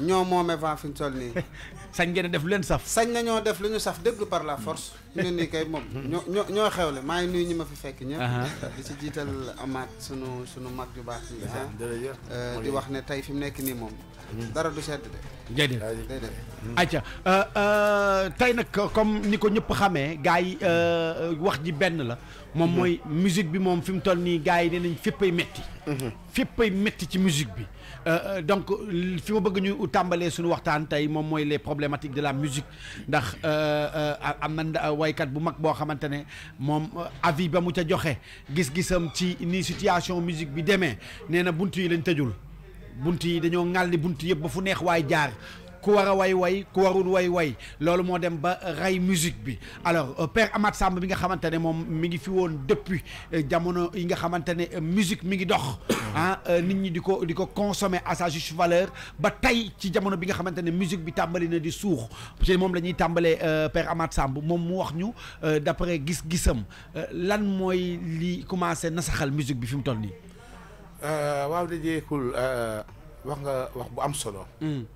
ñoo moome vent fi ñu toll nii. sañ ngeen def lu leen saf. sañ nañoo def lu ñu saf dëgg par la force. ñun nii kay moom mhm. ñoo ñoo ñoo xewle maa ngi nuyu ñi ma fi fekk ñëpp. di ci jiital amaat sunu sunu mag ju baax. ah euh, di wax ne tey fi mu nekk nii moom. Mhm. dara du sedd de. déedéet déedéet. acca tey nag comme ni ko ñëpp xamee gars yi euh, euh, wax ji benn la. moom moy musique bi mom fim mu ni nii ni yi nee metti mhm. féppay metti ci musique bi euh, euh, donc fi ma bëgg ñu tambalé suñu waxtaan tay mom moy les problématiques de la musique ndax euh, am na kat bu mag bo xamantene mom avis ba mu ta joxé gis-gisam ci ni situation musique bi demee néna na yi lañ tëjul bunt yi dañoo ŋàlli bunt yëpp ba fu neex way jaar ku war way way ku warul way way loolu mo dem ba ray musique bi alors euh, père amad Samb bi nga xamante mom mi ngi fi won depuis euh, jamono yi nga xamante euh, musique mi ngi dox ah nit ñi diko diko consommer à sa juste valeur ba tay ci jamono bi nga xamante ne musique bi tàmbali na di suux ci moom la ñuy père amad Samb mom mu wax ñu d'après gis-gisam lan moy li commencé nasaxal musique bi fim mu euh waaw dajé kul wax nga wax bu am solo hmm.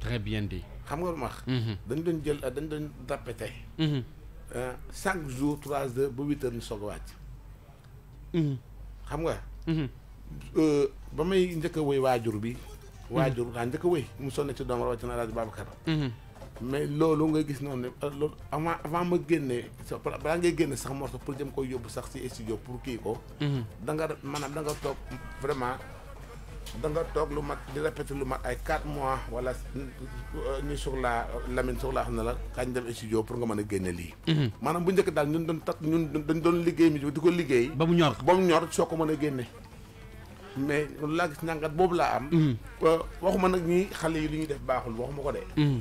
très bien dit. xam nga ma wax. Mhm. dañ doon jël dañ doon répété. Mhm. Euh, cinq jours trois heures ba huit heures mhm. nga. Euh, ba may njëkk a wéy waajur bi. waajur daa njëkk a mu sonn ci doom rawatina rajo Babacar. mais loolu nga gis noonu ne euh, loolu avant avant ma génnee sa balaa ngay génne sax morceau pour jëm koy yóbbu sax si studio pour kii ko. da nga maanaam da nga da nga toog lu mat di répété lu mat ay 4 mois wala euh, ni sur la euh, lamine sur la xam ne la kañ dem studio pour nga mën a génne lii. Mhm. maanaam bu njëkk daal ñun doon takk ñun dañ doon liggéey mi di ko liggéey. ba mu ñor ba mu ñor soo ko mën a génne. mais laa gis ñàngat boobu laa am. Mhm. Euh, waxuma nag ñi xale yi li ñuy def baaxul waxuma ko de. Mhm.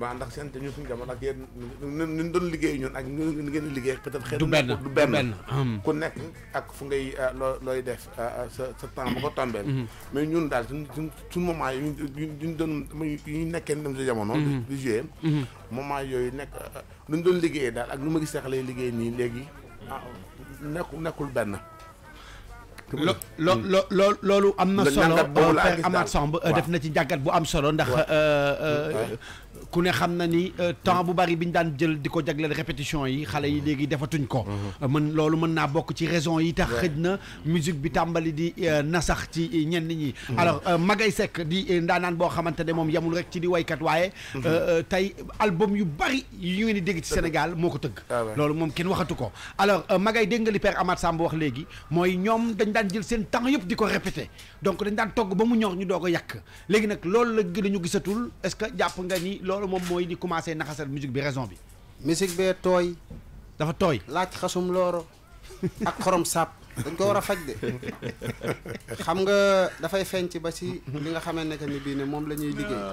waaw ndax seen ñun suñu jamono ak yéen ñun doon liggéey ñun ak ñu ngeen di liggéey peut-être xëy du benn du benn ku nekk ngay euh, loo looy def euh, euh, sa sa temps ba mm-hmm. mais ñun daal suñ suñ suñ moment yi ñu doon ñu nekkee dem jamono di mm-hmm. joué mm-hmm. moment yooyu nekk nu doon liggéeyee daal ak lu ma gis xale yi liggéey nii léegi ah, nekku nekkul benn lo mm. lo lo loolu am na solo amaat samb def na ci njàngat bu am solo ndax ku ne xam na ni euh, temps bu bari biñ ñu daan jël di ko jagleel répétition yi xale yi léegi defatuñ ko man mhm. loolu mën naa bokk ci raison yi tax xëj na musique bi tàmbali di euh, nasax ci euh, ñenn ñi mhm. alors Magay Seck di ndaanaan boo xamante ne moom yamul rek ci di waykat waaye mhm. tey album yu bari yu ngeen di dégg ci Sénégal moo ko tëgg ah loolu moom kenn waxatu ko alors Magay dégg nga li Père Amath Samb wax léegi mooy ñoom dañ daan jël seen temps yëpp di ko répété donc dañ daan togg ba mu ñor ñu doog a yàq léegi nag loolu la gën a ñu gisatul est-ce que jàpp nga ni loolu moom mooy di commencé naxasal musique bi raison bi. musique bee tooy. dafa tooy. laaj xasum looro ak xorom sàpp dañ ko war a faj de xam nga dafay fenc ba si li nga xamee ne ni bii ne moom la ñuy liggéey.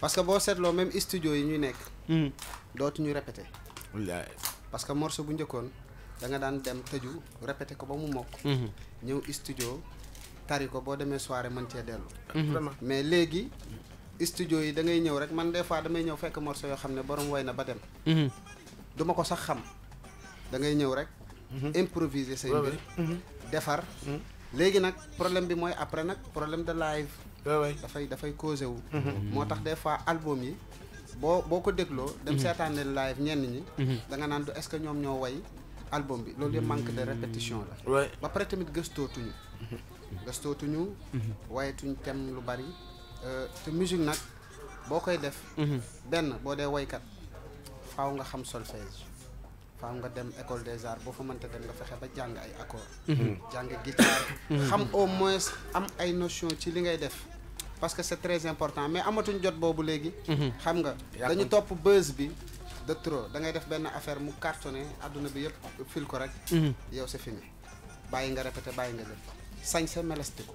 parce que boo seetloo même studio yi ñuy nekk. Hmm. dootuñu répété. wallaay parce que morceau bu njëkkoon da nga daan dem tëju répété ko ba mu mokk. Hmm. ñëw studio tari ko boo demee soirée mën cee dellu. Hmm. mais léegi. studio yi da ngay ñëw rek man des fois damay ñëw fekk morceau yoo xam ne borom way na ba dem. Mhm. du ma ko sax xam da ngay ñëw rek. Mhm. improviser say mbir. Mhm. defar. léegi nag problème bi mooy après nag problème de live. dafay dafay causé wu. moo tax des fois album yi boo boo ko dégloo. dem seetaan leen live ñenn ñi. da nga naan du est-ce que ñoom ñoo way album bi loolu yëpp manque de répétition la. ba pare tamit gëstootuñu. gëstootuñu. wayetuñ tem lu bari. Euh, te musique nag boo koy def. Mhm. benn boo dee woykat faaw nga xam solfège faaw nga dem école des arts boo fa mënta dem nga fexe ba jàng ay accord mhm. jàng guitare. Mhm. xam au moins am ay notion ci li ngay def. parce que c'est très important mais amatuñ jot boobu léegi. xam nga dañu topp buzz bi. de trop da ngay def benn affaire mu cartonné àdduna bi yëpp fil ko rek. yow c'est fini bàyyi nga répété bàyyi nga def sañ sa melestiku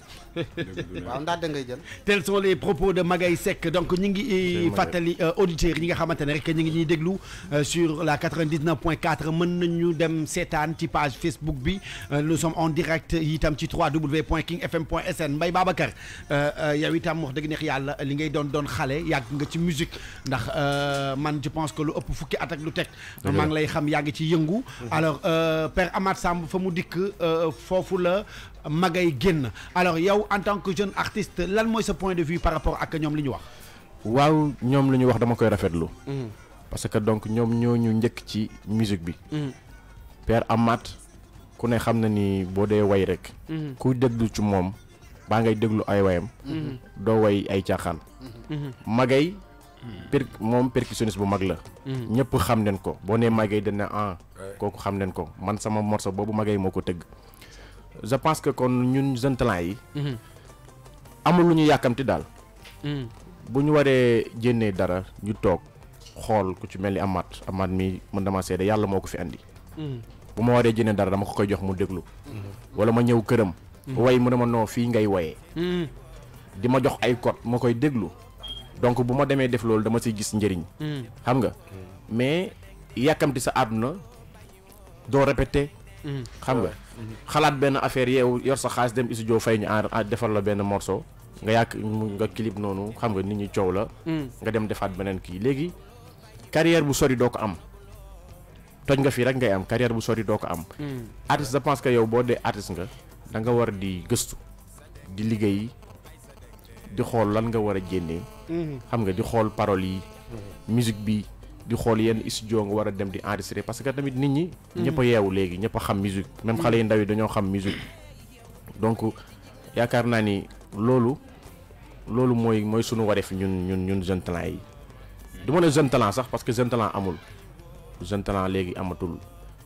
da ngay jël tels sont les propos de Magaye Sek donc ñi ngi eh, fatali euh, auditeur yi nga xamante rek ñi ngi ñi déglu euh, sur la 99.4 mën nañu dem sétane ci page Facebook bi euh, nous sommes en direct itam ci 3w point sn Mbaye Babacar yow itam wax deug neex yalla li ngay don don xalé yag nga ci musique ndax man je pense que lu upp fukki at ak lu tek ma ngi lay xam yag ci yëngu mmh. alors Père Amad Samb fa mu dikk fofu la magay guen alors yow en tant que jeune artiste lan moy ce point de vue par rapport ak ñom li wax. waaw ñom li wax dama koy rafetlu. Mm. parce que donc ñom ñoo ñu njëkk ci musique bi. Mm. Père amat ku ne xam na ni boo dee way rek. Mm. ku déglu ci moom baa ngay déglu ay wayam. doo way ay caaxaan. magay. per moom percussionniste bu mag la. ñëpp xam nen ko boo nee magay dana ah. kooku xam nen ko man sama morceau boobu magay moo ko je pense que kon ñun jeunes talents yi. Mhm. amul lu ñu yàkkamti daal. Mhm. bu ñu waree jénnee dara ñu toog xool ku ci mel ni Amath Amath mi mën dama seede yàlla moo ko fi indi mhm. bu ma waree jénnee dara dama ko koy jox mu déglu. wala ma ñëw këram. way mu ne ma noo fii ngay woyee. di ma jox ay code ma koy déglu. donc bu ma demee def loolu dama siy gis njëriñ. xam nga mais yàkkamti sa àdduna doo répété. xam nga. xalaat benn affaire yeewu yor sa xaalis dem studio fay ñu aar defal la benn morso nga yàq nga clip noonu xam nga nit ñi coow la. Mm. nga dem defaat beneen kii léegi carrière bu sori doo ko am. toj nga fii rek ngay am carrière bu sori doo ko am. Mm. artiste je pense que yow boo dee artiste nga da nga war di gëstu di liggéey di xool lan nga war a génnee. Mm-hmm. xam nga di xool paroles yi. Mm-hmm. musique bi. di xol yenn studio nga dem di enregistrer parce que tamit nit ñi ñepp yewu legi ñepp xam musique même xalé yi ndaw yi dañoo xam musique donc yaakaar na ni lolu lolu moy sunu waref ñun ñun ñun jeune talent yi du ma ne jeune talent sax parce que jeune talent amul jeune talent legi amatul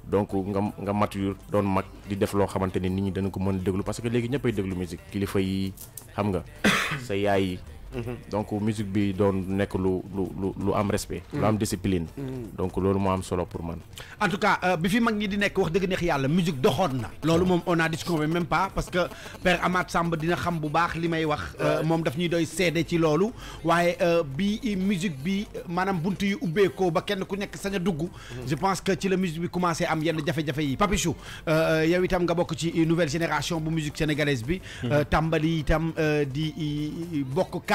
donc nga nga mature don mag di def lo xamanteni ni nit ñi dañ ko mëna déglu parce que legi ñeppay déglu musique kilifa yi xam nga sa yaay Mhm. donc musique bi doon nek lu lu lu lu am respect. lu am mhm. discipline. Mhm. donc lolu mo am solo pour man. en tout cas euh, bi fi mag ni di nek wax deug neex yalla musique doxoon na. lolu mom on a disconvé même pas parce que père amad Samb dina xam bu baax limay wax. Euh, mom daf ñuy doy seede ci lolu waaye euh, bi musique bi manam buntu yu ko ba kenn ku nek saña a dugg. je pense que ci la musique bi commencé am yenn jafé jafé yi Papichou yow itam nga bok ci nouvelle génération bu musique sénégalaise bi. tambali itam di bokk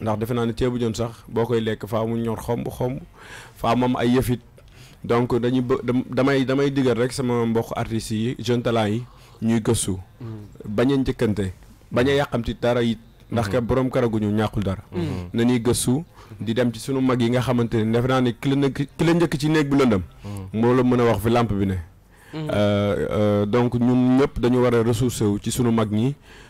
ndax defe naa ne ceebu jën sax boo koy lekk faa mu ñor xomb xomb faa mu am ay yëfit donc dañuy damay damay digal rek sama mboq artistes yi jeune talent yi ñuy gëstu. Mm. bañ a njëkkante bañ a yàqamti dara it. ndax mm. ka borom karaguñu ñàkkul dara. Mm. na ñuy gëstu di dem ci sunu mag yi nga xamante ne defe naa ne ki la nekk ki la njëkk ci néeg bu lëndëm. moo la mën a wax fi làmp bi ne. Euh, euh, donc ñun ñëpp dañu war a ressourcé wu ci sunu mag ñi.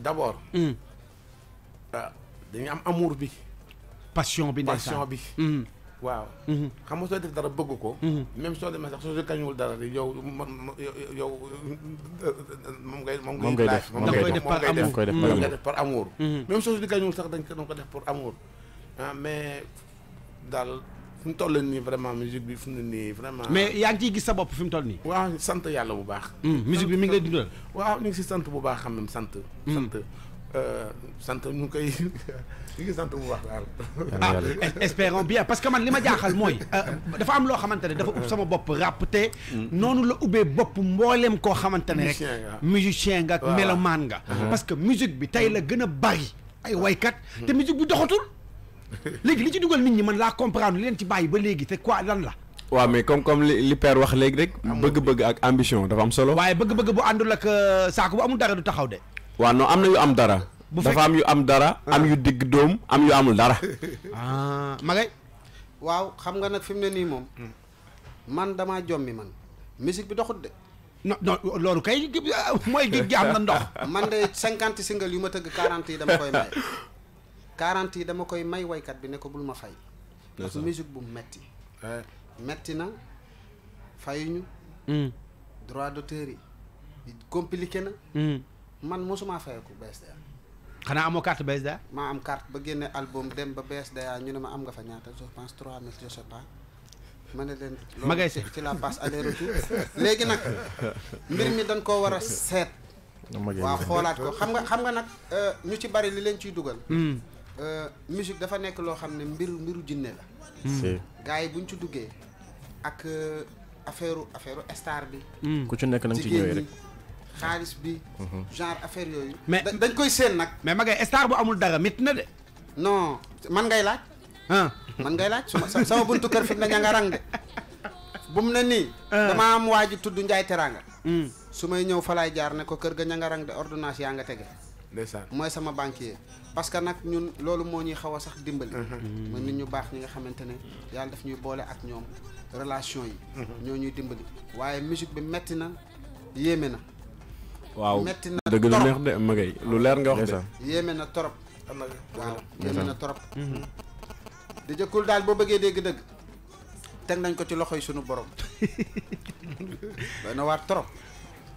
d'abord. Hmm. Ah, dañuy am amour bi. passion bi passion bi. Hmm. waaw. Hmm. xam nga soo def dara bëgg ko. même soo demee sax soo si kañuwul dara yow yow moom ngay. moom ngay def moom ngay def moom ngay def moom ngay def par amour. même soo si kañuwul sax dañ ko def pour amour. Ah, mais daal. fu mu toll vraiment musique bi fu mu nii vraiment. mais yaa ngi ciy gis sa bopp fi mu toll nii. waaw sant yàlla bu baax. Hmm, musique bi mi ngi lay dundal. waaw ñu ngi si sant bu baax xam nga sant. Hmm. sant euh, sant ñu ngi koy ñu bu baax daal. ah espérons bien parce que man li ma jaaxal mooy. Euh, dafa am loo xamante ne dafa ub sama bopp rap te. Hmm. noonu la ubbee bopp mbooleem koo xamante musicien nga ak mélomane nga. Uh-huh. parce que musique bi tey la gën a bari ay waykat te musique bi doxatul. léegi li ci dugal nit ñi man laa comprendre leen ci bàyyi ba léegi te quoi lan la. waaw mais comme comme li li père wax léegi rek. bëgg-bëgg ak ambition dafa am solo. waaye bëgg-bëgg bu àndul ak euh, saako bu amul dara du taxaw de. waaw non am na yu am dara. dafa am yu am dara. Ah. am yu digg doom am yu amul dara. ah xam nga nag fi mu ne nii moom. Hmm. man damaa jommi bi doxut de. non loolu kay mooy géej gi am na ndox. man de cinquante yu ma tëgg quarante yi dama koy may. Garanti yi dama koy may waykat bi ne ko bul ma fay ndax musique bu metti eh. metti na fayuñu hmm. droit d'auteur yi compliqué na hmm. man mosuma fay ko BSDA xanaa amoo carte BSDA am carte ba album dem ba BSDA ñu ne ma am nga fa ñaata je pense trois je sais pas ma ne leen ma ngay seet ci la passe aller retour léegi nag mbir mi dañ koo war a seet waaw ko xam nga xam nga euh, ñu ci bari li leen ciy dugal hmm. Euh, musique dafa nekk loo xam ne mbiru mbiru jinne la. Hmm. gars yi buñ ci duggee ak euh, affaire affaire star bi. Hmm. ku ci nekk na ci ñëwee rek xaalis bi. Hmm. genre affaire yooyu. mais dañ koy séen nag. mais ma ngay star bu amul dara métti na de. non man ngay laaj. Ah. man ngay laaj sama sama buntu kër fi na ña nga rang de. bu mu ne nii. Ah. damaa am waa ji tudd Njaay Teraanga. su may ñëw fa laay jaar ne ko kër ga ña nga rang de ordonnance yaa nga tege. mooy sama banquier. parce que nag ñun loolu moo ñuy xaw a sax dimbali. mën nit ñu baax ñi nga xamante ne yàlla daf ñuy boole ak ñoom relation yi. ñoo ñuy dimbali waaye musique bi metti na yéeme na. waaw metti na dëgg lu neex de magay lu leer nga wax de. yéeme na torop. waaw yéeme na di jëkkul daal boo bëggee dégg-dëgg. teg nañ ko ci loxo yi sunu borom. doy na torop.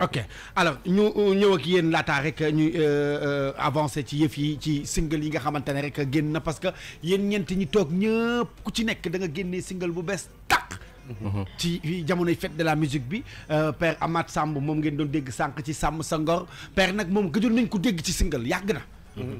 ok alors ñu euh, ñëw ak yéen laataa rek ñuy euh, euh, avancé ci yëf yi ci single yi nga xamante rek génn na parce que yéen ñeent ñi toog ñëpp ku ci nekk da nga génnee single bu bees tàq. Mhm. ci jamono fête de la musique bi père amad Samb mom ngeen doon dégg sank ci sam sa ngor père nak mom gëjoon nañ ko dégg ci single yàgg na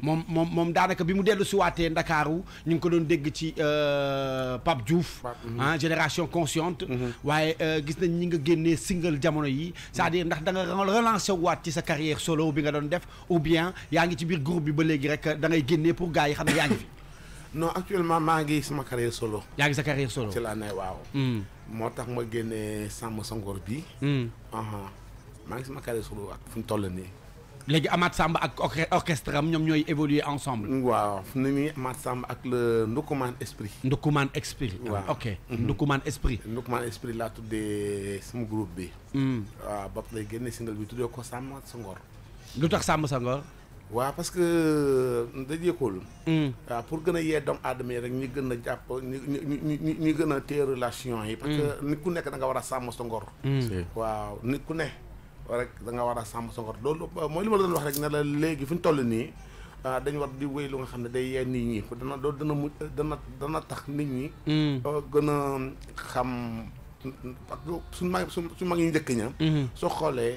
mom mhm. mom moom daanaka bi mu dellu si waatee ndakaaru ñu ko doon dégg ci euh Pape Diouf mhm. ah génération consciente mhm. waaye euh, gis nañ ñi nga génnee single jamono yi c'est-à-dire ndax da nga relancer waat ci sa carrière solo bi nga doon def ou bien yaa ngi ci biir groupe bi ba légui rek da ngay génnee pour gaay yi xam ne fi non actuellement ma ngi sama carrière solo yaa ngi sa carrière solo ci la ne waaw hmm. motax ma génnee sam sangor bi hmm. aha ma ngi sama carrière solo ak fu ñu léegi Amath Samb ak orchestre am ñoom évoluer ensemble. waaw fu mu ne Amath ak le Ndokuman Esprit. Ndokuman Esprit. waaw ah, ok mhm. Ndokuman Esprit. Ndokuman Esprit laa tuddee sama groupe bi. Hmm. waaw ba lay génne single bi tuddee ko Sàmm sa Ngor. lu tax Sàmm sa Ngor. waaw parce que euh, dajeekul. Hmm. waaw pour Ah, a yee doomu aadama yi rek ñu gën a jàpp ñu ñu ñu gën a téye relation yi. parce que hmm. ni ku nekk da nga war a sàmm sa ngor. waaw ku ne. rek da nga war a sàmm sa ngor loolu mooy li ma doon wax rek ne la léegi fi ñu toll nii ah, dañ war di wéy lu nga xam ne day yee nit ñi dana loolu dana mu dana dana tax nit ñi. Hmm. Ah, gën a xam ak suñu mag su mag yi njëkk ña. Hmm. soo xoolee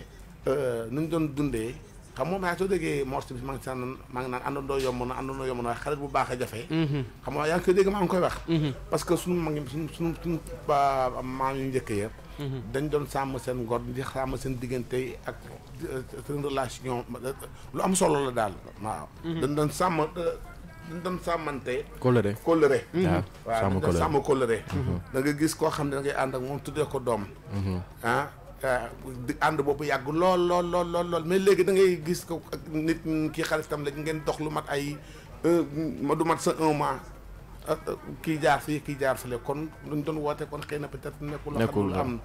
euh, nu ñu doon dundee. xam nga maa soo déggee Mor Sibi maa ngi naan maa ngi naan àndandoo yomb na àndandoo yomb na waaye xarit bu baax a jafe. Mhm. xam nga yaa ngi koy wax. Mhm. parce que sunu mag sunu sunu sunu maam yu njëkk ya mhm. dañ doon sàmm seen ngor di sàmm seen diggante ak euh, seen relation lu am solo la daal waaw. dañ doon sàmm euh, dañ doon sàmmante. kóllëre kóllëre. waaw sàmm kóllëre waaw dañ doon sàmm kóllëre. da nga gis koo xam ne da ngay ànd ak moom tuddee ko doom. ah. di euh, ànd boobu yàgg lool lool lool lool lool mais léegi da ngay gis ko ak nit kii xaritam la ngeen dox lu mat ay ma euh, du mat sa un mois kii jaar fii kii jaar fële kon luñ doon woote kon xëy na peut-être nekkul. nekkul am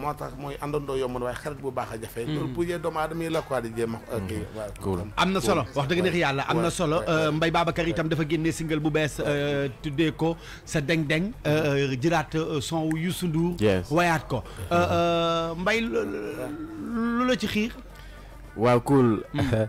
moo tax mooy àndandoo yomb na a jafe. Mm-hmm. loolu pour yee doomu aadama yi a. kii mm-hmm. waaw am na solo wax dëgg neex yàlla am na solo euh, Mbaye Babacar itam dafa génnee single bu bees euh, tuddee ko sa deng-deng euh, mm-hmm. jëlaat son Youssou Ndour. wayaat ko Mbaye lu la ci xiir. waaw cool. Mm.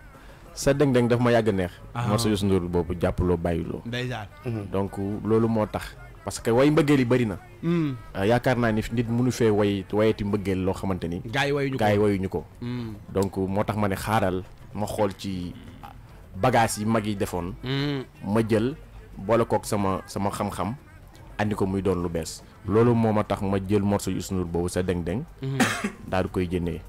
sa deng-deng daf ma yàgg neex. Ah. morceau Youssou Ndour boobu jàppaloo bàyyiloo mhm. donc loolu moo tax parce que way mbëggeel yi bëri na hmm. ah, yaakaar naa ni nit mënu fee way wayeti mbëggeel loo xamante ni gaa yi wayuñu ko hmm. donc moo tax ma ne xaaral ma xool ci bagage yi mag yi defoon hmm. ma jël boole kook sama sama xam-xam andi ko muy doon lu bees loolu moom ma tax ma jël morso Youssou Ndour boobu sa deng-deng daal di koy jëndee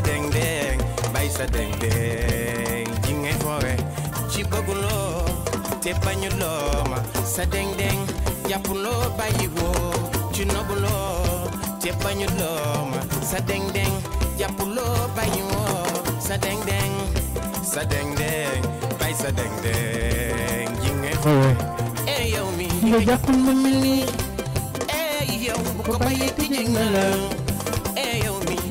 sa deng bay sa deng deng ji ngay foowe ci bëgguloo te bañuloo ma sa deng deng jàppuloo bàyyiwoo bañuloo ma sa deng deng jàppuloo bàyyiwoo sa deng deng sa deng deng bay sa deng deng ji foowe ee eh, yow mi nga jàppul ma mel nii ee eh, yow ko bàyyee ti jëng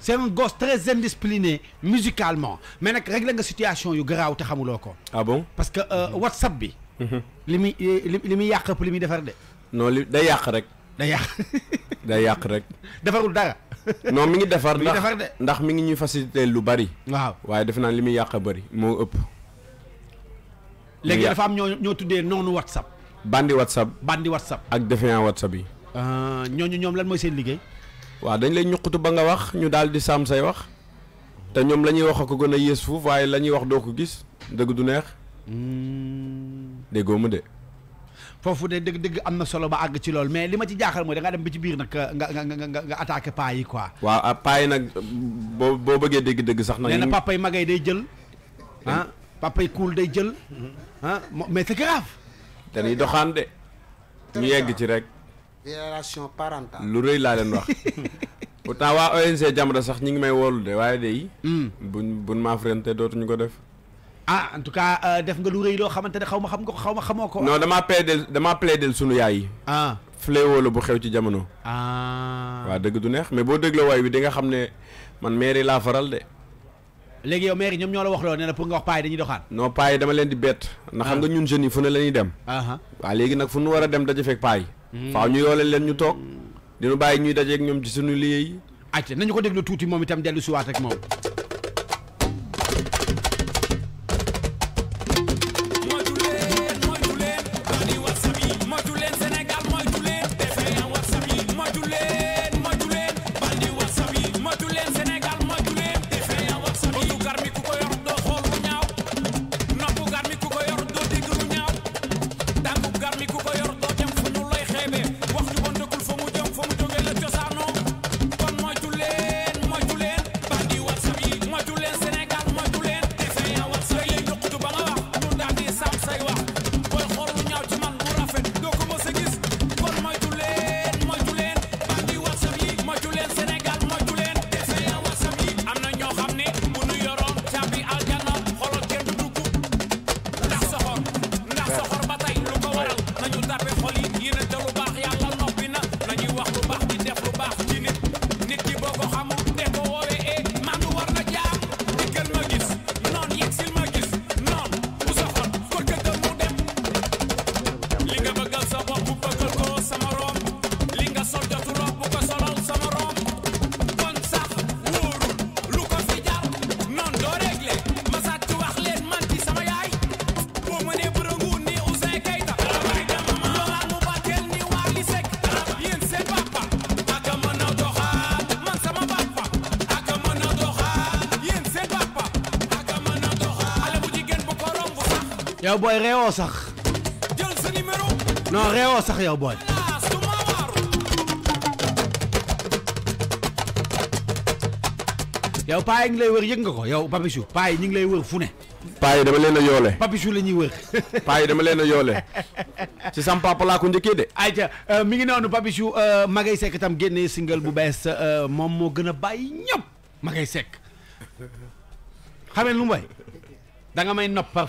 c'est un gosse très indiscipliné musicalement mais nak régler la situation yu te ah bon parce que euh, mhm. WhatsApp bi. Hmm. Limi limi yak de. non li rek. non mi ngi defar ndax mi ngi ñuy facilité lu bari. waaye def na limi yak bari dafa am WhatsApp. bandi WhatsApp. bandi WhatsApp. ak WhatsApp euh, lan seen waaw dañ lay ñuqutu ba nga wax ñu daal di saam say wax te ñoom la ñuy wax ko gën a yées fuuf waaye la ñuy wax doo ko gis dëgg du neex hmm. déggoo ma de foofu de dëgg dëgg am na solo ba àgg ci lool mais li ma ci jaaxal mooy da nga dem ci biir nag nga nga nga yi quoi waaw ah, paa yi nag boo boo bëggee dégg dëgg sax nag nee na papa yi magay day jël hmm. ah kuul day jël hmm. ah, mais c'est grave doxaan de ñu yegg ci rek génération parentale. lu rëy laa leen wax pourtant waa ONG Jamra sax ñi ngi may woolu de waaye de. Hmm. buñ buñ maa frente dootuñu ko def. ah en tout cas euh, def nga lu rëy loo xamante ne xaw ma xam nga xaw ma xamoo ko. non damaa plaidel damaa plaidel sunu yaay yi. ah fléau bu xew ci jamono. ah waa dëgg du neex mais boo dégloo waay bi di nga xam ne man mairie laa faral de. léegi yow mairie ñoom ñoo la wax loo ne la pour nga wax paa yi dañuy doxaan. non paa dama leen di bett. ndax xam ah. nga ñun jeunes yi fu ne la ñuy dem. Ah, ah. waaw léegi nag fu nu war a dem daje fekk paa yi Hmm. faaw ñu yoole leen ñu toog hmm. dinu bàyyi ñuy dajeeg ñoom di suñu liggéey yi acca nañu ko déglu tuuti moom itam dellu siwaat ak moom yow booy réewoo sax non réewoo sax yow booy. yow paa yi lay wër yëg nga ko yow Papichou paa ñu ngi lay wër fu ne. paa dama leen a yoole. Papichou la ñuy wër. paa dama leen a yoole. ci sam papa njëkkee de. ayca euh, mi ngi ne noonu Papichou euh, Magay Seck tam génnee single bu bees euh, moom moo gën a bàyyi ñëpp Magay Seck xamee lu mu bay da nga may nopp par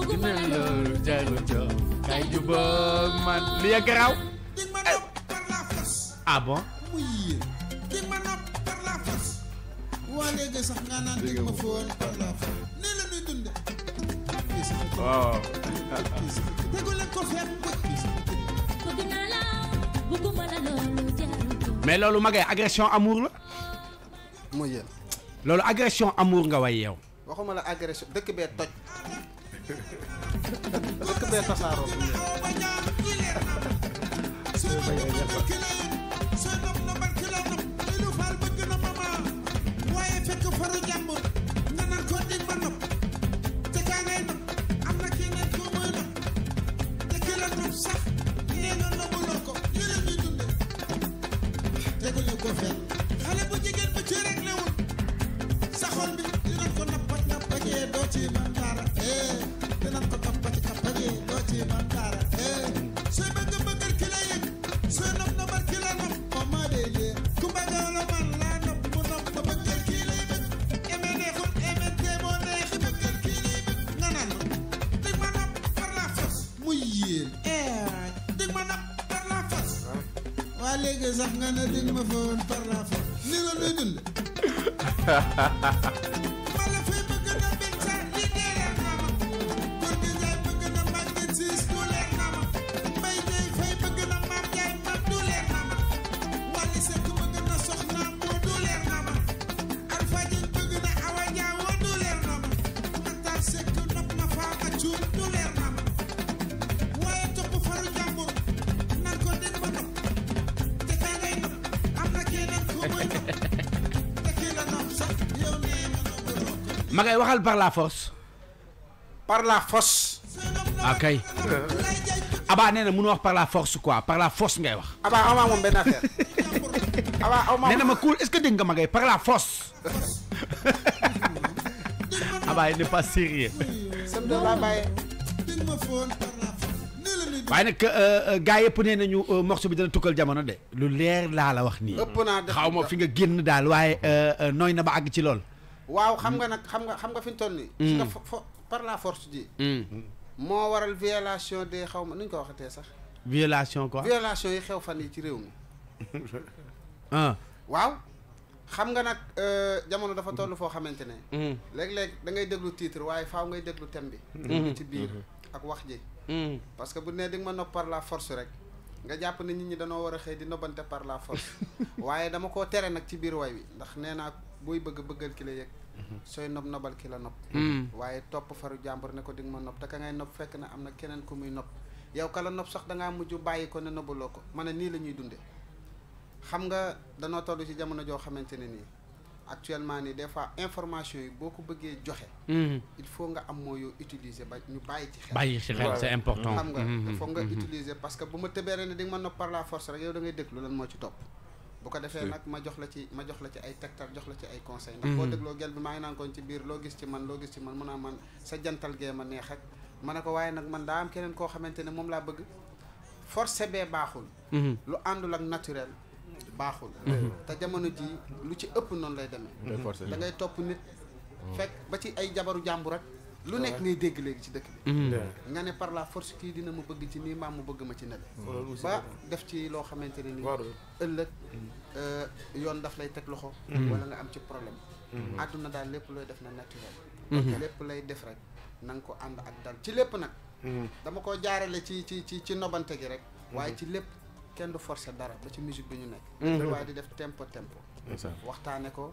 li ah oui mais magay agression amour la mooy ya? loolu agression amour nga way yow waxuma la agression deuk be toj dëkk bee tasaaroo bu Yeah. dinañ ko toppati toppati doo ci man dara eh sooy bëgg bëggal ki la yëg sooy nopp noppal ki la nopp moom moo dee ku bëgg la man laa nopp mu nopp ba tee boo neexi bëggal kii lay bëgg nga naan dig ma nopp par la force mu ma nopp par la force sax nga ne dig ma fa woon par la force ni ma ngay waxal par la force. par la force. ok. aba nena mu wax par la force quoi par la force ngay wax. aba aw mom ben affaire. aba aw nena ma cool est-ce que deng nga ma ngay par la force. aba il n'est pas sérieux. sëñ bi laa bàyyee. waaye nag gars yëpp nee nañu morceau bi dana tukkal jamono de. lu leer laa la wax nii. ëpp xaw ma fi nga génn daal waaye eh, eh, nooy na ba àgg ci lool. waaw xam hmm. nga nag xam nga xam nga fi ñu toll nii. Hmm. su nga fo par la force ji. Hmm. moo waral violation des xaw ma nu ñu ko waxatee sax. violation quoi violation yi xew fan yi ci réew mi. Ah. waaw xam nga nag euh, jamono dafa toll foo xamante ne. léeg-léeg da ngay déglu titre waaye faaw ngay déglu thème bi. ci biir ak wax ji. parce que bu nee di nga ma nopp par la force rek. nga jàpp ne nit ñi danoo war a xëy di nobbante par la force waaye dama koo tere nag ci biir way wi ndax nee booy bëgg bëggal ki la yëg mhm. sooy nopp nobal ki la nopp mhm. waaye topp faru jàmbur ne ko di nga ma nopp te ngay nopp fekk na am na keneen ku muy nopp yow ka la nopp sax dangaa mujj bàyyi ko ne nobbaloo ko ma ne nii la ñuy dunde xam nga danoo toll ci jamono joo xamante ne nii actuellement nii des information yi boo ko bëggee joxe mhm. il faut nga am moo yoo utiliser ba ñu bàyyi ci xel bàyyi xel c'est important bu ma tëbeere ne di ma nopp par la force rek yow da ngay déglu lan moo ci topp bu ko defee nag ma jox la ci ma jox la ci ay tegtal jox la ci ay conseil ndax mm-hmm. boo dégloo gel bi maa ngi naan koon ci biir loo gis ci man loo gis ci man mun naa man sa jantal gee ma neex ak ma ne ko waaye nag man daa am keneen koo xamante ne moom laa bëgg forcé bee baaxul mm-hmm. lu àndul ak naturel baaxul mm-hmm. te jamono ji lu ci ëpp noonu lay demee da ngay topp nit fekk ba ci ay jabaru jàmbur rek lu nekk ngay dégg léegi ci dëkk bi. Mm. nga ne par la force kii dina ma bëgg ci nii maam mu bëgg ma ci nele mm. ba def ci loo xamante ne nii. ëllëg mm. euh, yoon daf lay teg loxo. wala nga am ci problème. àdduna daal lépp looy def na naturel. Mm-hmm. lépp lay def rek na ko ànd ak dal ci lépp nag. dama ko jaarale ci ci ci ci nobante gi rek. Mm-hmm. waaye ci lépp kenn du forcer dara ba ci musique bi ñu nekk. Mm-hmm. waaye di def tempo tempo. waxtaane ko.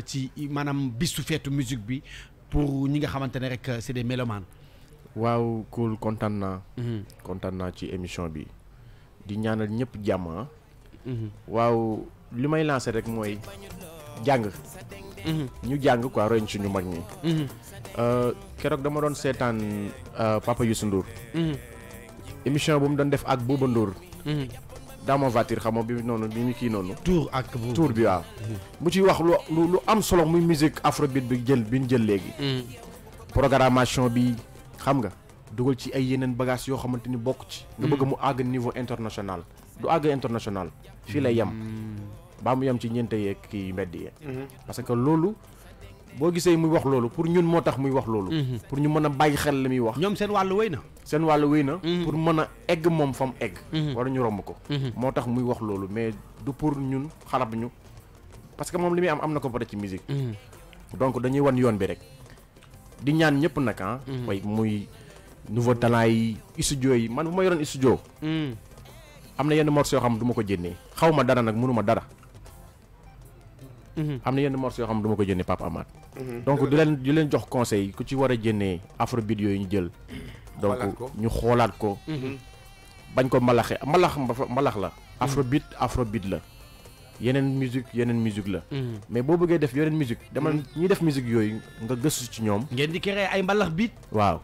ci maanaam bisu feetu musique bi pour ñi nga xamante ne rek c'est des mélomanes. waaw cool kontaan naa. Mhm. kontaan naa ci émission bi di ñaanal ñëpp jàmm ah. mhm. waaw li may lancer rek mooy jàng. Mhm. ñu jàng quoi roñ suñu mag ñi. Euh, keroog dama doon seetaan euh, Papa Youssou Ndour. émission bu mu doon def ak Bouba Ndour. dans ma voiture xam nga bi noonu bi ñu kii noonu. tour bi waaw. Hmm. mu ciy wax lu lu am solo muy musique afrobeat bi jël bi ñu jël léegi. Hmm. programmation bi xam nga dugal ci ay yeneen bagages yoo xamante ni bokk ci. nga bëgg hmm. mu àgg niveau international. du àgg international fii lay yem. baa mu yem ci ñeente yeeg kii mbedd yi. parce que loolu. boo gisee muy wax loolu pour ñun moo tax muy wax loolu. Mhm. pour ñu mën a bàyyi xel li muy wax. ñoom seen wàllu wéy na. seen wàllu wéy na. Mhm. pour mën a egg moom fa mu egg. Mhm. war ñu romb ko. moo tax muy wax loolu mais du pour ñun xarab ñu parce que moom li muy am am na ko pare ci musique. donc dañuy wan yoon bi rek. di ñaan ñëpp nag ah. muy niveau talent yi studio yi man bu ma yoroon studio. am na yenn morceaux yoo xam ne du ko jénnee xaw ma dara nag mënuma dara. Mhm. am na yenn morceaux yoo xam ne du ko jëndee Papa Amath. Mhm. donc du leen du leen jox conseil ku ci war a jëndee afrobeat yooyu ñu jël. donc ñu xoolaat ko. Mhm. bañ ko malaxe malax malax la. afrobeat afrobeat la. yeneen musique yeneen musique la. mais boo bëggee def yeneen musique. dama ñuy def musique yooyu nga gësu ci ñoom. ngeen di créer ay mbalax waaw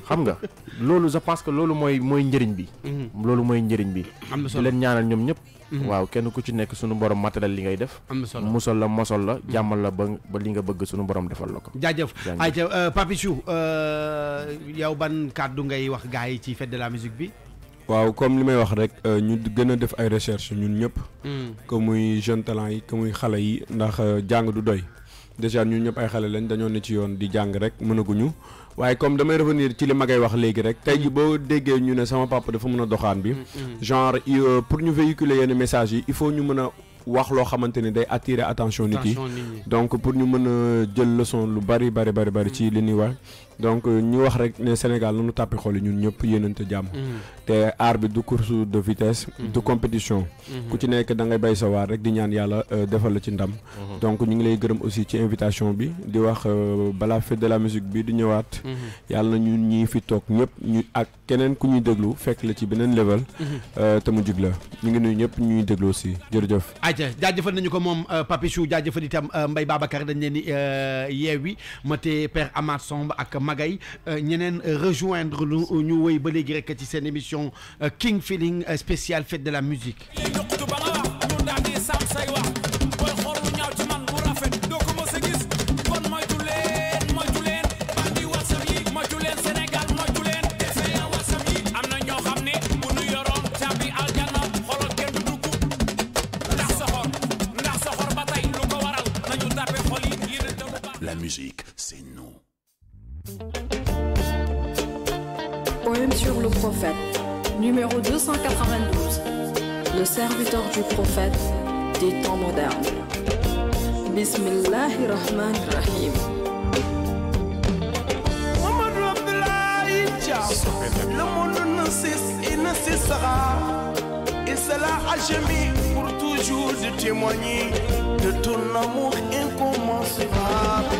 xam nga loolu je pense que loolu mooy mooy njëriñ bi mhm. loolu mooy njëriñ bi di leen ñaanal ñoom ñëpp mhm. waaw kenn ku ci nekk sunu borom matériel li ngay def musal la mosol la mhm. jàmmal la ba li nga bëgg sunu borom defal la ko jaajëf ayca euh, Papichou euh, yow ban kàddu ngay wax gars yi ci fête de la musique bi waaw comme li may wax rek euh, ñu gën a def ay recherche ñun ñëpp que muy jeune talent yi que muy xale yi ndax jàng du doy déjà ñun ñëpp ay xale lañ dañoo ne ci yoon di jàng rek mënaguñu waaye comme damay revenir ci li ma wax légui rek tey bo mm-hmm. boo ñu né sama papa dafa mën a doxaan bi mm-hmm. genre euh, pour ñu véhiculer yene message yi il faut ñu mëna wax lo xamanteni day attirer attention nit yi donc pour ñu mëna jël leçon lu bari bari bari bari ci mm-hmm. li ñuy wax donc euh, ñu wax rek ne Sénégal nanu tàppi xool ñun ñëpp yéenante jamm mm-hmm. té aar bi du course de vitesse. Mm-hmm. du compétition. Mm-hmm. ku ci nekk da ngay bay sa waar rek di ñaan yalla euh, defal ci ndam. donc ñu ngi lay gërëm aussi ci invitation bi di wax euh, bala fête de la musique bi di ñëwaat. yalla na ñun ñi fi tok ñëpp ñu ak keneen ku ñuy déglu fekk la ci benen level. te mu jug la ñu ngi nuyu ñëpp ñuy déglu aussi jërëjëf. aja jaajëfal nañu ko mom papi chou jaajëfal itam mbay Babacar dañ leen di yeewi ma te Père Amath Somb ak. Magaye euh, ñenen euh, rejoindre nous ñu New ba légui rek ci émission euh, King Feeling spécial fête de la musique. prophète des temps modernes. Bismillahir Rahman Rahim. Le monde ne cesse et ne cessera. Et cela a jamais pour toujours de témoigner de ton amour incommensurable.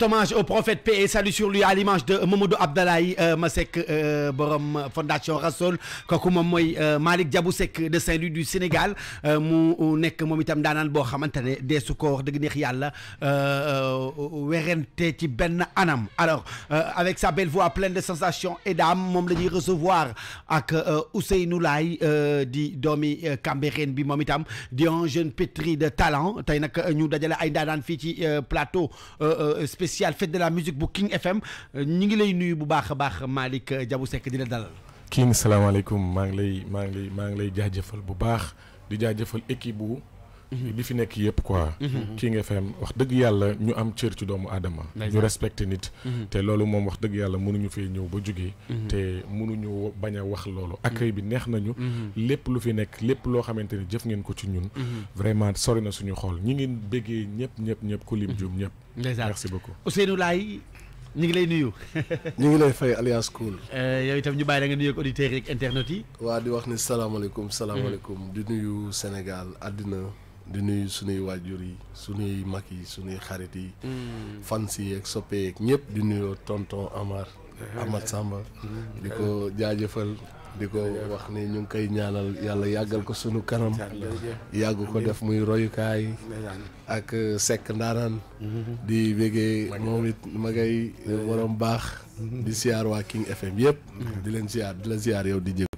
hommage au prophète paix et salut sur lui à l'image de Mamadou Abdallah euh, Masek euh, borom fondation Rasoul, comme euh, Malik malik Diabou Sek de Saint-Louis du Sénégal mu momitam Danan itam des boo de ne deesu ko ci anam alors avec sa belle voix pleine de sensations et d'âme mom recevoir ak Ousseynou Laye di Domi Cambérène bi dit un jeune pétri de talent tay nak ñu dajale ay ci plateau spécial fête de la musique booking FM ñu ngi lay nuyu bu baax a baax Malick eh, dalal. King salaamaaleykum maa ngi lay maa ngi lay maa ngi lay jaajëfal bu baax di équipe Mm-hmm. li fi nekk yëpp quoi. Mm-hmm. King FM wax dëgg yàlla ñu am cër ci doomu aadama. ñu respecte nit. Mm-hmm. te loolu moom wax dëgg yàlla mënuñu fee ñëw ba jógee. te mënuñu bañ a wax loolu. accueil bi neex nañu. lépp lu fi nekk lépp loo xamante ni jëf ngeen ko ci ñun. vraiment sori na suñu xool ñi ngeen bëggee ñëpp ñëpp ñëpp ku lim jum ñëpp. merci beaucoup Ousseynou laay ñu ngi lay nuyu. ñu ngi lay fay Alliance Cool. Eh, yow itam ñu bàyyi da nga nuyu ak auditeurs yi ak internet yi. waa di wax ni salaamaaleykum. salaamaaleykum di nuyu Sénégal àddina. di nuyu suñuy waajur yi suñuy mag yi suñuy xarit yi. Mm. fans yi ak soppe yeeg ñëpp di nuyoo tonton Amar. amat Samba. di ko jaajëfal. di ko wax ni ñu ngi koy ñaanal yàlla yàggal ko sunu kanam. yàgg ko def muy royukaay. ak euh, sekk ndaanaan. Mm-hmm. di bëggee moom it ma ngay waroon baax. di siyaar waa King FM yëpp. Mm-hmm. di leen siyaar di la siyaar yow di jëg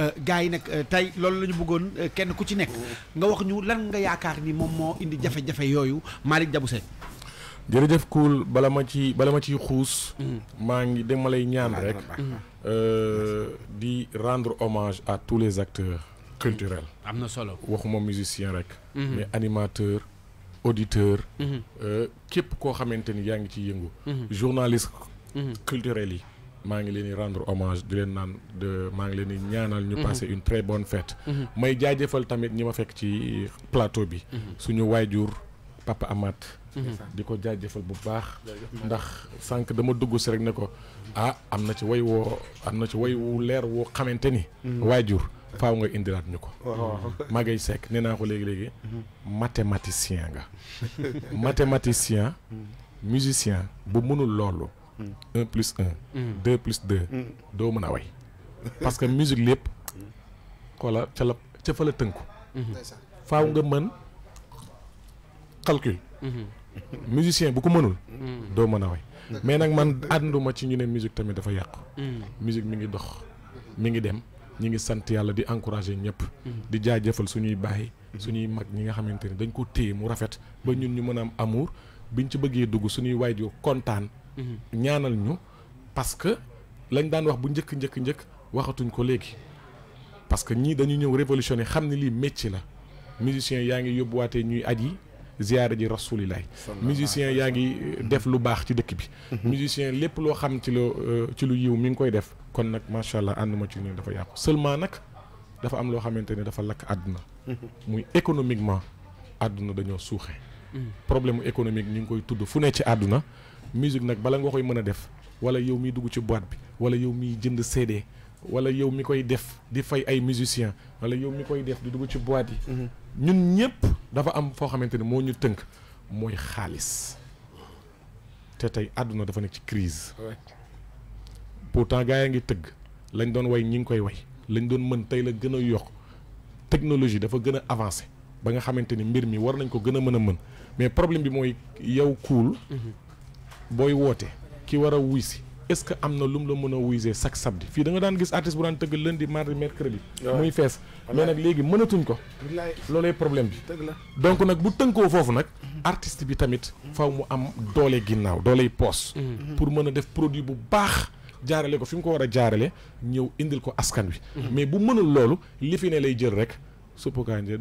Euh, gars yi nag euh, tey loolu lañu bëggoon euh, kenn ku ci nekk nga wax ñu lan nga yaakaar ni moom moo indi jafe-jafe yooyu Malick Diaboussé jërëjëf Koul bala ma ci bala ma ciy xuus mm. maa ngi dégg ma lay ñaan rek mm. di rendre hommage à tous les acteurs culturels am na solo waxuma musicien rek mm-hmm. mais animateur auditeur mm-hmm. képp koo xamante ni yaa ngi ci yëngu mm-hmm. journaliste culturel yi maa rendre hommage di de maa ngi nous ñaanal ñu mhm. passer une très bonne fête mhm. may jaajëfal tamit ñi ma fekk ci plateau bi mhm. suñu waajur papa Amath di déjà jaajëfal bu baax ndax sànq dama dugg si rek ne ko ah amna ci way amna ci way leer wo xamanteni ni waajur faaw nga indilat ñuko magay sek Seck ko léegi-léegi mathématicien nga mathématicien musicien bu mënul loolu un plus un. Mm. deux plus deux. Mm. doo mën a way. parce que musique lépp xoola ca la ca tënku. Mm-hmm. faaw nga mën calcul. Mm-hmm. musicien bu ko mënul. Mm-hmm. doo mën a way mais nag man ànduma ci ñu ne musique tamit dafa yàqu. musique mu ngi dox mi ngi dem ñi ngi sant yàlla di encourager ñëpp. di jaajëfal suñuy baay suñuy mag ñi nga xamante ni dañ ko téye mu rafet ba ñun ñu mën a am amour biñ ci bëggee dugg suñuy waajur kontaan. Mmh. ñaanal ñu parce que lañ daan wax bu njëkk njëkk njëkk waxatuñ ko léegi parce que ñii dañu ñëw révolutionné xam ne métier la musicien yaa ngi yóbbuwaatee ñuy aj yi ziyaara ji rasulilaay musicien yaa ngi def lu baax ci dëkk bi mmh. musicien lépp loo xam ci lu euh, ci lu yiw mi ngi koy def kon nag macha allah ànd ma ci ne dafa yàqu seulement nag dafa am loo xamante ne dafa lakk àdduna mmh. muy économiquement àdduna dañoo suuxe problème économique ñu ngi koy tudd fu ne ci àdduna musique nag bala nga koy mën a def wala yow miy dugg ci boit bi wala yow mi jënd CD wala yow mi koy def di fay ay musiciens wala yow mi koy def di dugg ci boit yi. Mhm. ñun ñëpp dafa am foo xamante ne moo ñu tënk mooy xaalis te tey àdduna dafa nekk ci crise pourtant gars yaa ngi tëgg lañ doon way ñi ngi koy way lañ doon mën tey la gën a yokk technologie dafa gën a avancé ba nga xamante ni mbir mi war nañ ko gën a mën a mën mais problème bi mooy yow cool mhm. booy wootee ki war a wuy si est-ce que am na lu mu la mën a wuysee chaque samedi fii da nga daan gis artiste bu daan tëgg lundi mardi mercredi muy fees mais nag léegi mënatuñ ko loolay problème bi donc nag bu tënkoo foofu nag artiste bi tamit faw mu am doole ginnaaw dooley poos mm. mm-hmm. pour mën a def produit bu baax jaarale ko fi mu ko war a jaarale ñëw indil ko askan wi mm-hmm. mais bu mënul loolu li fi ne lay jël rek suppu kànja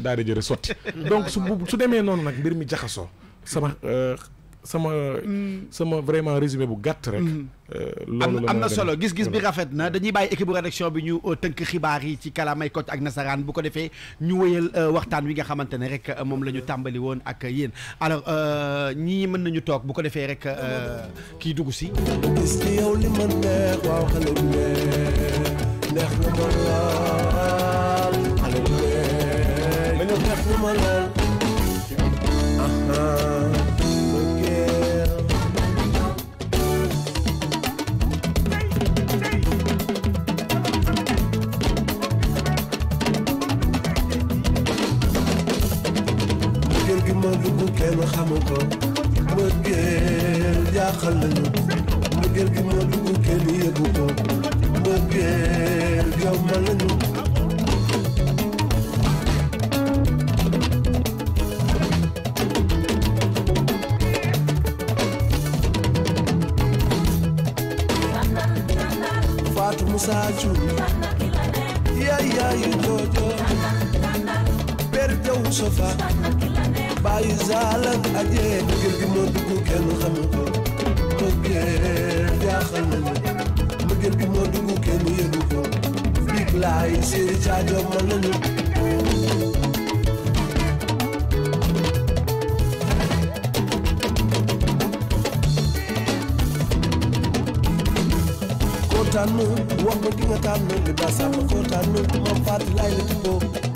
daal di jëre sotti mm-hmm. donc su su demee noonu nag mbir mi jaxasoo sama euh, sama mm. sama vraiment résumé bu gàtt rek. Mm. Euh, loolu am na solo gis-gis bi rafet na dañuy bàyyi équipe bu rédaction bi ñu euh, tënk xibaar yi ci kàllaamay Kocc ak nasaraan bu ko defee ñu wéyal euh, waxtaan wi nga xamante ne rek moom la ñu tàmbali woon ak yéen alors ñii mën nañu toog bu ko defee rek kii dugg si. neex na ma lool ma dugg kenn xamu ko mbëggeel jaaxal nañu mbëggeel gi ma dugg kenn yëgu ko mbëggeel yombal nañu Fatou Moussa Diouf yaay yaayu joojo Père Diaw Sofa bàyyi zaal ak ajee gi moo dugg kenn xamu ko bëggeel jaaxal na ma bëggeel gi moo dugg kenn yëgu ko big laay séeri caajo mën nañu koo tànn wax ma ki nga tànn li daa sàmm koo tànn moom fàttali laay la tippoo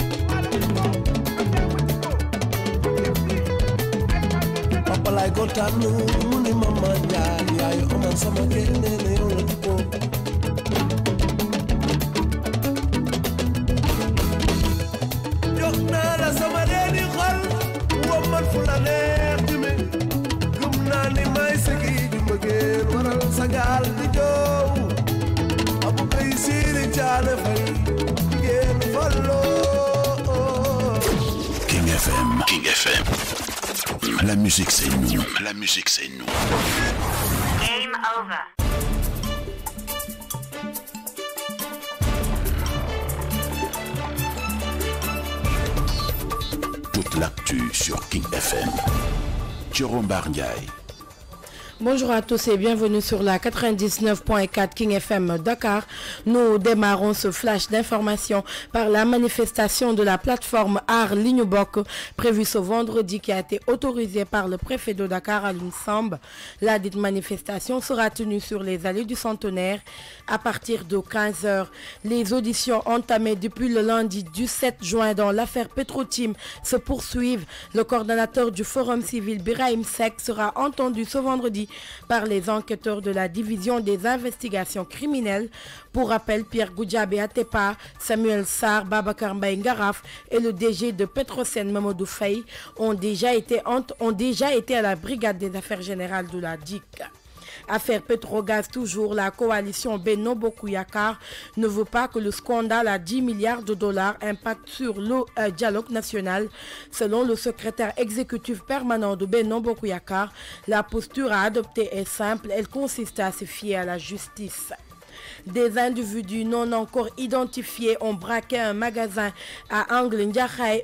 laay kontaan jox naa la sama reeni xol wommat fu neex jëme gëm naa ni may segi di mbëggeel waral sa di joow abu kay siiri caane fay jigéen falloo King FM King FM La musique, c'est nous. La musique, c'est nous. Game over. toute l'actu sur King FM. Jérôme Barnier. Bonjour à tous et bienvenue sur la 99.4 King FM Dakar. Nous démarrons ce flash d'information par la manifestation de la plateforme Art Lignoboc prévue ce vendredi qui a été autorisée par le préfet de Dakar à l'Insamb. La dite manifestation sera tenue sur les allées du centenaire à partir de 15h. Les auditions entamées depuis le lundi du 7 juin dans l'affaire Petrotim se poursuivent. Le coordonnateur du Forum civil Biraim Sek sera entendu ce vendredi par les enquêteurs de la division des investigations criminelles. Pour rappel, Pierre Goudjabe Atepa, Samuel Sarr, Babakar Ngaraf et le DG de Petrosen Mamadou Faye ont déjà été, ont déjà été à la brigade des affaires générales de la DIC. Affaire Petrogaz toujours, la coalition Beno Bokuyakar ne veut pas que le scandale à 10 milliards de dollars impacte sur le euh, dialogue national. Selon le secrétaire exécutif permanent de Beno Bokuyakar, la posture à adopter est simple, elle consiste à se fier à la justice. Des individus non encore identifiés ont braqué un magasin à Angle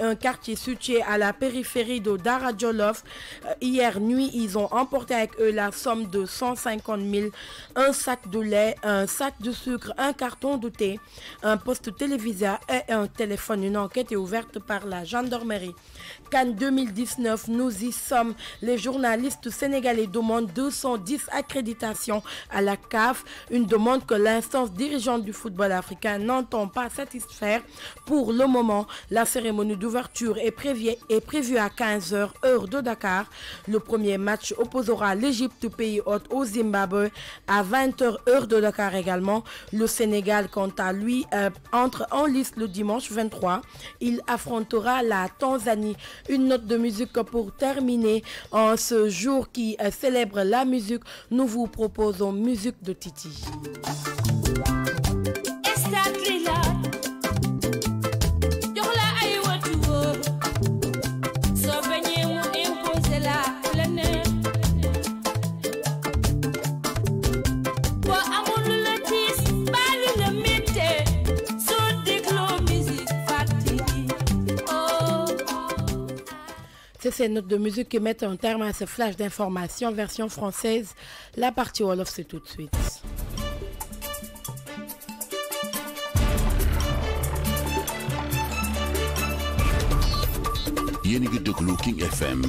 un quartier situé à la périphérie de Daradjolov. Euh, hier nuit, ils ont emporté avec eux la somme de 150 000, un sac de lait, un sac de sucre, un carton de thé, un poste télévisé et un téléphone. Une enquête est ouverte par la gendarmerie. Cannes 2019, nous y sommes. Les journalistes sénégalais demandent 210 accréditations à la CAF, une demande que l'instance dirigeante du football africain n'entend pas satisfaire. Pour le moment, la cérémonie d'ouverture est, prévue à 15h heure de Dakar. Le premier match opposera l'Égypte, pays hôte, au Zimbabwe à 20h heure de Dakar également. Le Sénégal, quant à lui, euh, entre en liste le dimanche 23. Il affrontera la Tanzanie une note de musique pour terminer. En ce jour qui célèbre la musique, nous vous proposons musique de Titi. C'est ces notes de musique qui mettent un terme à ce flash d'information version française. La partie wall of c'est tout de suite. FM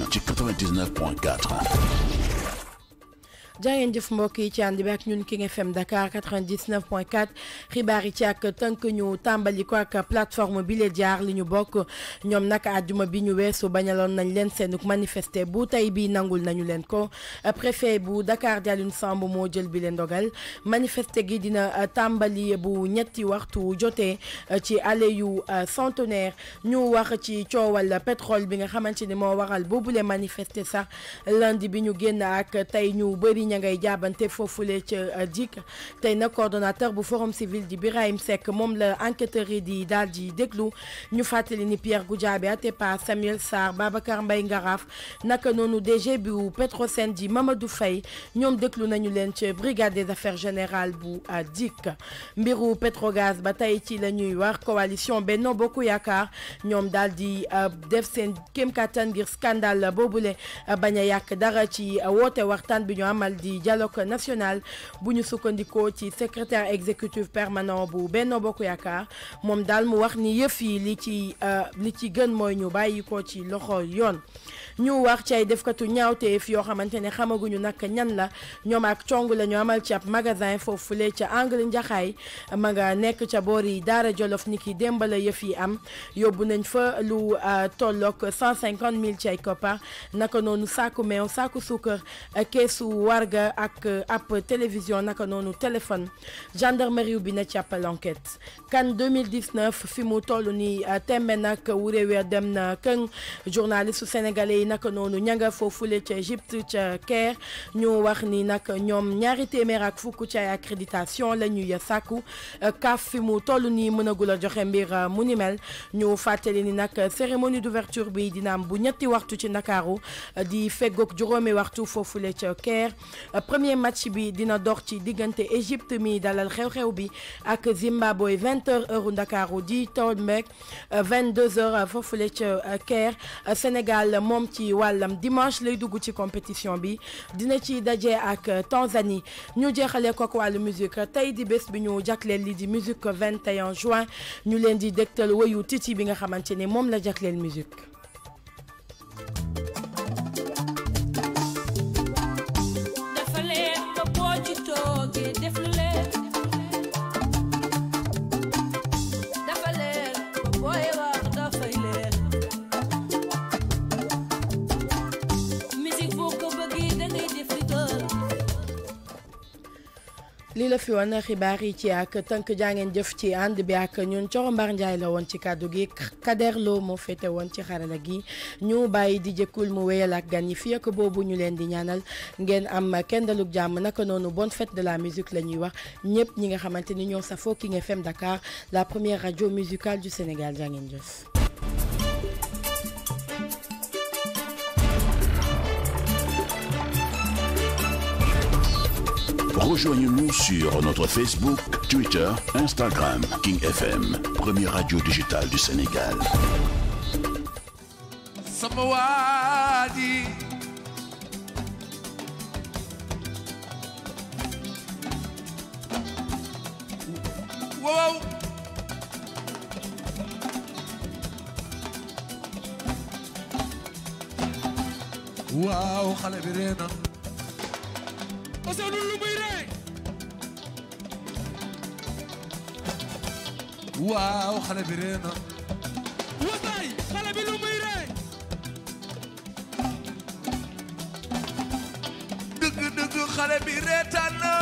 jàngeen jëf mbokk yi ci ànd bi ak ñun King FM Dakar 99.4 xibaar ci ak tank ñu tambali ko ak plateforme bi le jaar li ñu bok ñom nak àjjuma bi ñu weesu bañalon nañ leen seenuk manifester bu tay bi nangul nañu leen ko préfet bu Dakar dial une Samb mo jël bi leen ndogal manifester gi dina euh, tambali bu ñetti waxtu jotee euh, ci allée yu euh, centenaire ñu wax ci ciowal pétrole bi nga xamante ni moo waral boobule manifester sax lundi bi ñu genn ak tay ñu bëri ña ngay jaabante foofule ca euh, dikk tey nag coordonnateur bu forum civil di Birahim Seck moom la enquêteur yi di daal di déglu ñu fàttali ni Pierre Goudiaby Atépa Samuel Sarr Babacar mbay ngaraf naka noonu DG bu Petrosen di Mamadou fay ñoom déglu nañu leen ci brigade des affaires générales bu euh, dikk mbiru Petrogaz ba tey ci la ñuy war coalition Benno bokku Yaakaar ñoom daal di euh, def seen kéem ngir scandale boobule bañ a yàq dara ci woote waxtaan bi ñu amal di dialogue national bu ñu sukkandikoo ci secrétaire exécutif permanent bu benn Bokk Yaakaar moom daal mu wax ni yëf yi li ci euh, li ci gën mooy ñu bàyyi ko ci loxo yoon ñu wax ci ay defkatu ñaawteef yoo xamante ne xamaguñu nag ñan la ñoom ak cong la ñu amal ci magasin magasin foofule ca angle njaxaay ma nekk ca boor yi daara jolof ni ki démb yëf yi am yóbbu nañ fa lu tolloog 150 000 ci ay koppar naka noonu saaku meew saaku suukar euh, keesu warga ak euh, ab télévision naka noonu téléphone gendarmerie bi na ci ab l'enquête kan fi mu toll ni euh, tembe nag wuréwe dem na këng journaliste sénégalais nak nonu ña nga foofule ca Égypte ca Caire ñu wax ni nak ñom ñaari téeméer ak fukku ci accréditation la ñuy sàkku kaaf fi mu tollu ni mënagul joxe mbir euh, mu ni mel ñu fateli ni nak cérémonie d'ouverture bi dina am bu ñetti waxtu ci Dakarou euh, di feggoog juróomi waxtu foofule ca Caire euh, premier match bi dina dox ci diggante Égypte mi dalal xew-xew bi ak Zimbabwe 20h heure Dakarou di mec 22h foofule ca Caire Sénégal mom ci wàllam dimanche lay dugg ci compétition bi dina ci daje ak Tanzanie ñu jeexale ko ak wàllu musique tey di bés bi ñu jagleel lii di musique 21 juin ñu leen di dégtal wayu Titi bi nga xamante ni moom la jagleel musique lii la fi woon xibaar yi ci ak tënk jàngeen jëf ci ànd bi ak ñun Coro Mbar nday la won ci kàddu gi Kader Lo mo féete won ci xarala gi ñu bàyyi di jëkkul mu wéyal ak gan yi fi ak bobu ñu leen di ñaanal ngeen am kendaluk jam naka nonu bonne fête de la musique lañuy wax ñepp ñi nga xamanteni ni sa safoo King FM Dakar la première radio musicale du Sénégal jàngeen jëf. Rejoignez-nous sur notre Facebook, Twitter, Instagram, King FM, première radio digitale du Sénégal. Wow. Ousseynou waaw xale bi ree na wasaay xale bi lu muy ree dëgg dëgg xale bi reetaan na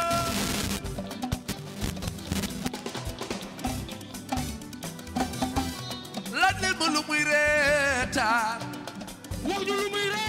laaj leen ma lu muy reetaan wax ñu lu muy ree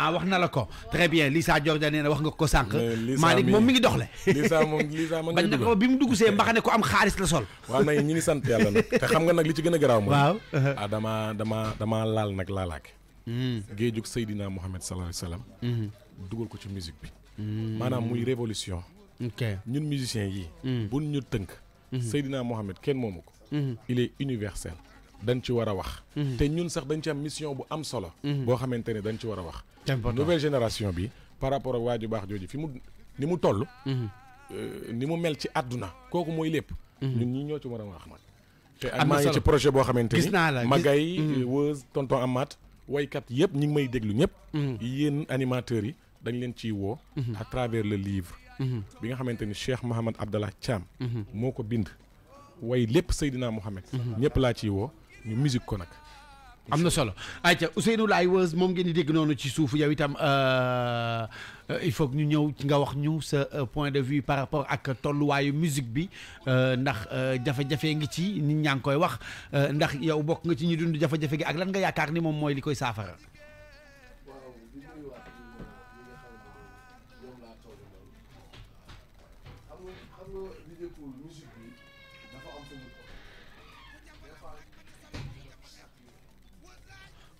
ah wax na la ko très bien Lisa Jordan nee na wax nga ko sank malik moom mi ngi doxle. Lisa mom Lisa ma nga bañ na ko bi mu dugg mbaxane ko am xaalis la sol. waaw nag ñu ngi sante yalla nak te xam nga nak li ci gëna graw mo mooy. waaw ah dama damaa damaa laal nag hmm géejug sayidina Mohamed sallallahu alayhi wasallam. hmm dugal ko ci musique bi. manam hmm. muy révolution. ok ñun musiciens yi hmm. buñ ñu tënk. Hmm. sayidina Mohamed kenn moomu il est universel dañ ci war a wax mhm. te ñun sax dañ ci am mission bu am solo mhm. boo xamante ne dañ ci war a wax nouvelle génération bi par rapport ak waa ju baax jooju fi mu ni mu toll mhm. euh, ni mu mel ci àdduna kooku mooy lépp ñun ñi ñoo ci war a wax man te ak maa ngi ci projet boo xamante ni gis naa la Magay Weuz tonton Amath waykat yëpp ñi ngi may déglu ñëpp yéen animateurs yi dañ leen ciy woo à travers le livre bi nga xamante ni Cheikh Mouhamad Abdallah Thiam moo ko bind way lépp Seydina Mouhamed ñëpp laa ciy woo ñu musique ko nag am na solo ayca Ousseynou Laay Weuz moom ngeen di dégg noonu ci suuf yow itam euh, euh, il faut ñu ñëw ci nga wax ñu sa euh, point de vue par rapport ak tolluwaayu musique bi ndax jafe-jafe ngi ci nit ñaa ngi koy wax ndax yow bokk nga ci ñu dund jafe-jafe gi ak lan nga yaakaar ni moom mooy li koy saafara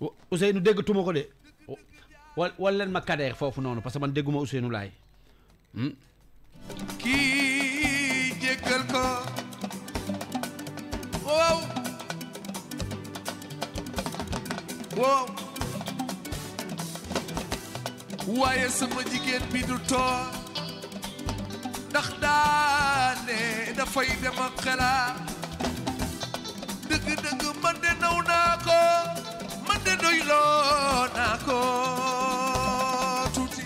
Ousseynou déggatuma ko de wal wal foofu noonu parce que man dégguma Ousseynou hmm? waaye sama jigéen bi du too ndax daane dafay dem xelaa dëgg-dëgg man de naw naa ko moom de doyloo naa ko tuuti.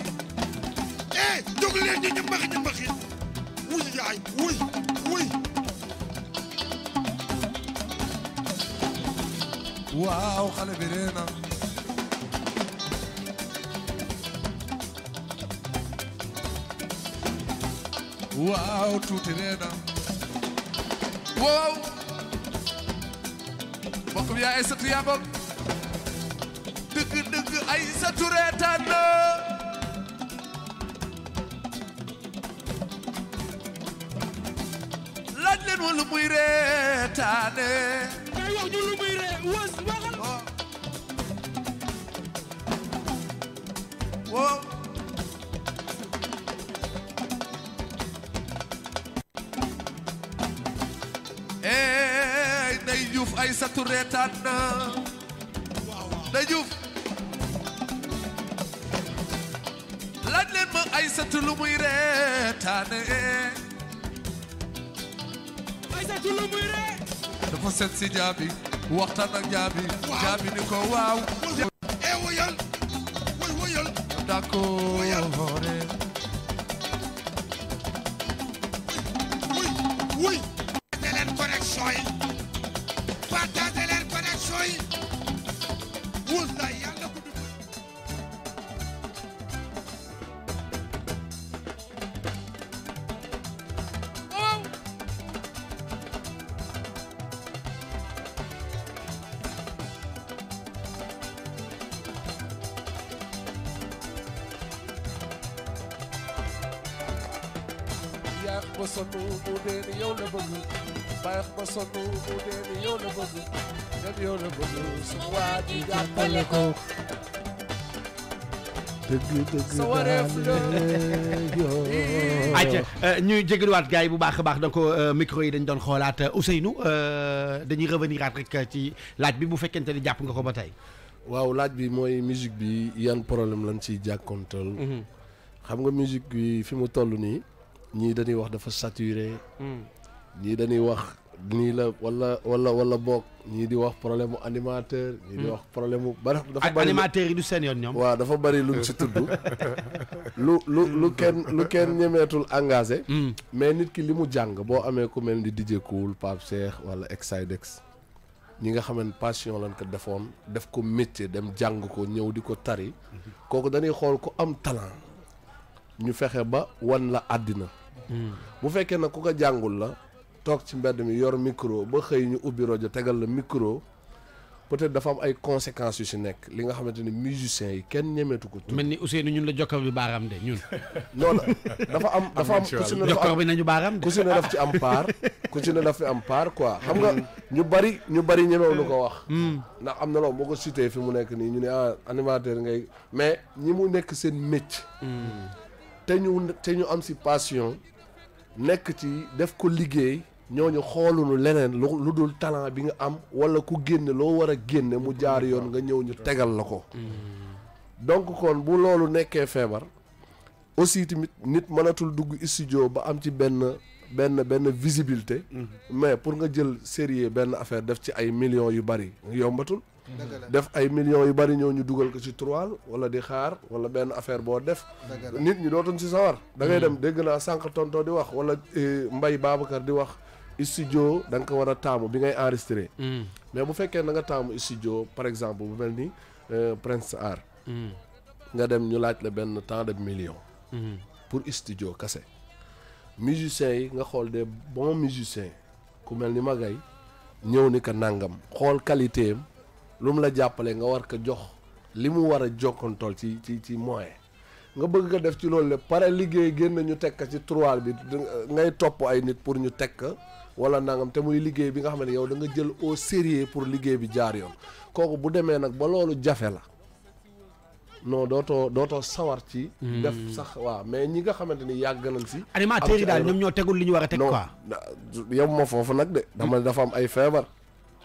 eh jóg leen ñu ñambax ñambax yi wuy yaay wuy wuy. waaw xale bi ree na. waaw tuuti ree na. waaw. mbokk bi yaa ay sët yaa bokk. sa turee tànn laaj leen ma lu muy reetaane ngay wax ñu lu muy ree was waxal oh. woo eey Ndey Juuf ay sa turee tànn Ndey Juuf seetaane ay sa tullu muy rek si jaabi waxtaan ak jaabi jaabi bàyyi ba sonn mu dee ni ñuy jégaluwaat gars yi bu baax a baax ko euh, micro yi dañ doon xoolaat euh, Ousseynou euh, dañuy revenir rek ci laaj bi bu fekkente ni jàpp nga ko ba tey waaw laaj bi mooy musique bi yan problème lañ ciy jàkkonteel mhm. xam nga musique bi fi mu toll nii ñii dañuy wax dafa saturé. Hmm. ñii dañuy wax nii la walla walla wala boog ñii di wax problème mu animateur. ñii di hmm. wax problème mu ba dafa bari animateur yi du seen yoon ñoom. waaw dafa bari luñ ci tudd. lu lu lu kenn lu kenn ñemeetul engagé. Hmm. mais nit ki li mu jàng boo amee ku mel ni DJ Cool Pape Cheikh wala Exidex ñi nga xam ne passion lañ ko defoon def ko métier dem jàng ko ñëw di ko tari. kooku dañuy xool ku am talent. ñu fexe ba wan la àddina. bu fekkee nag ku ko jàngul la toog ci mbedd mi yor micro ba xëy ñu ubbi rajo tegal la micro peut-être dafa am ay conséquences yu si nekk li nga xamante ni musiciens yi kenn ñemeetu ko. mel ni Ousseynou ñun la jokkoo bi baaraam de ñun. non dafa am dafa am ku si ne jokkoo bi nañu baaraam de. ku si daf ci am part ku si ne daf fi am part ko xam nga ñu bari ñu bari lu ko wax. Hmm. ndax am na loolu boo ko cité fi mu nekk nii ñu ne ah animateur ngay mais ñi mu nekk seen métier. Hmm. te ñu te ñu am si passion. nekk ci def ko liggéey ñooñu xoolunu leneen lu dul talent bi nga am wala ku génne loo war a génne mu jaar yoon nga ñëw ñu tegal la ko donc kon bu loolu nekkee feebar aussi tamit nit mënatul dugg studio ba am ci benn benn benn visibilité mm-hmm. mais pour nga jël sérieux benn affaire def ci ay millions yu bari yombatul def ay millions yu bari ñëw ñu dugal ko ci trois wala di xaar wala benn affaire boo def nit ñi dootuñ ci sawar da ngay hmm. dem dégg naa sànq tonto di wax wala eh, mbay Babacar di wax studio da nga ko war a taamu bi ngay enregistré hmm. mais bu fekkee na nga taamu studio par exemple bu mel euh, Prince R hmm. nga dem ñu laaj la benn temps de million pour studio kase musicien yi nga xool des bons musiciens ku mel ni magay ñëw ni ka nangam xool qualité lum la jàppale nga war ko jox limu wara jokontol ci ci ci moyen nga bëgg ko def ci loolu le paré liggéey genn ñu tek ci tiroir bi ngay top ay nit pour ñu tek wala nangam te muy liggéey bi nga xamné yow da nga jël au sérieux pour liggéey bi jaar yoon koku bu démé nak ba loolu jafé la non doto doto sawar ci. Hmm. def sax wa mais ñi nga xamanteni ni nañ si. animateur yi daal ñom ñoo teggul li ñu war quoi. yow ma fofu nak de. dama dafa am ay fever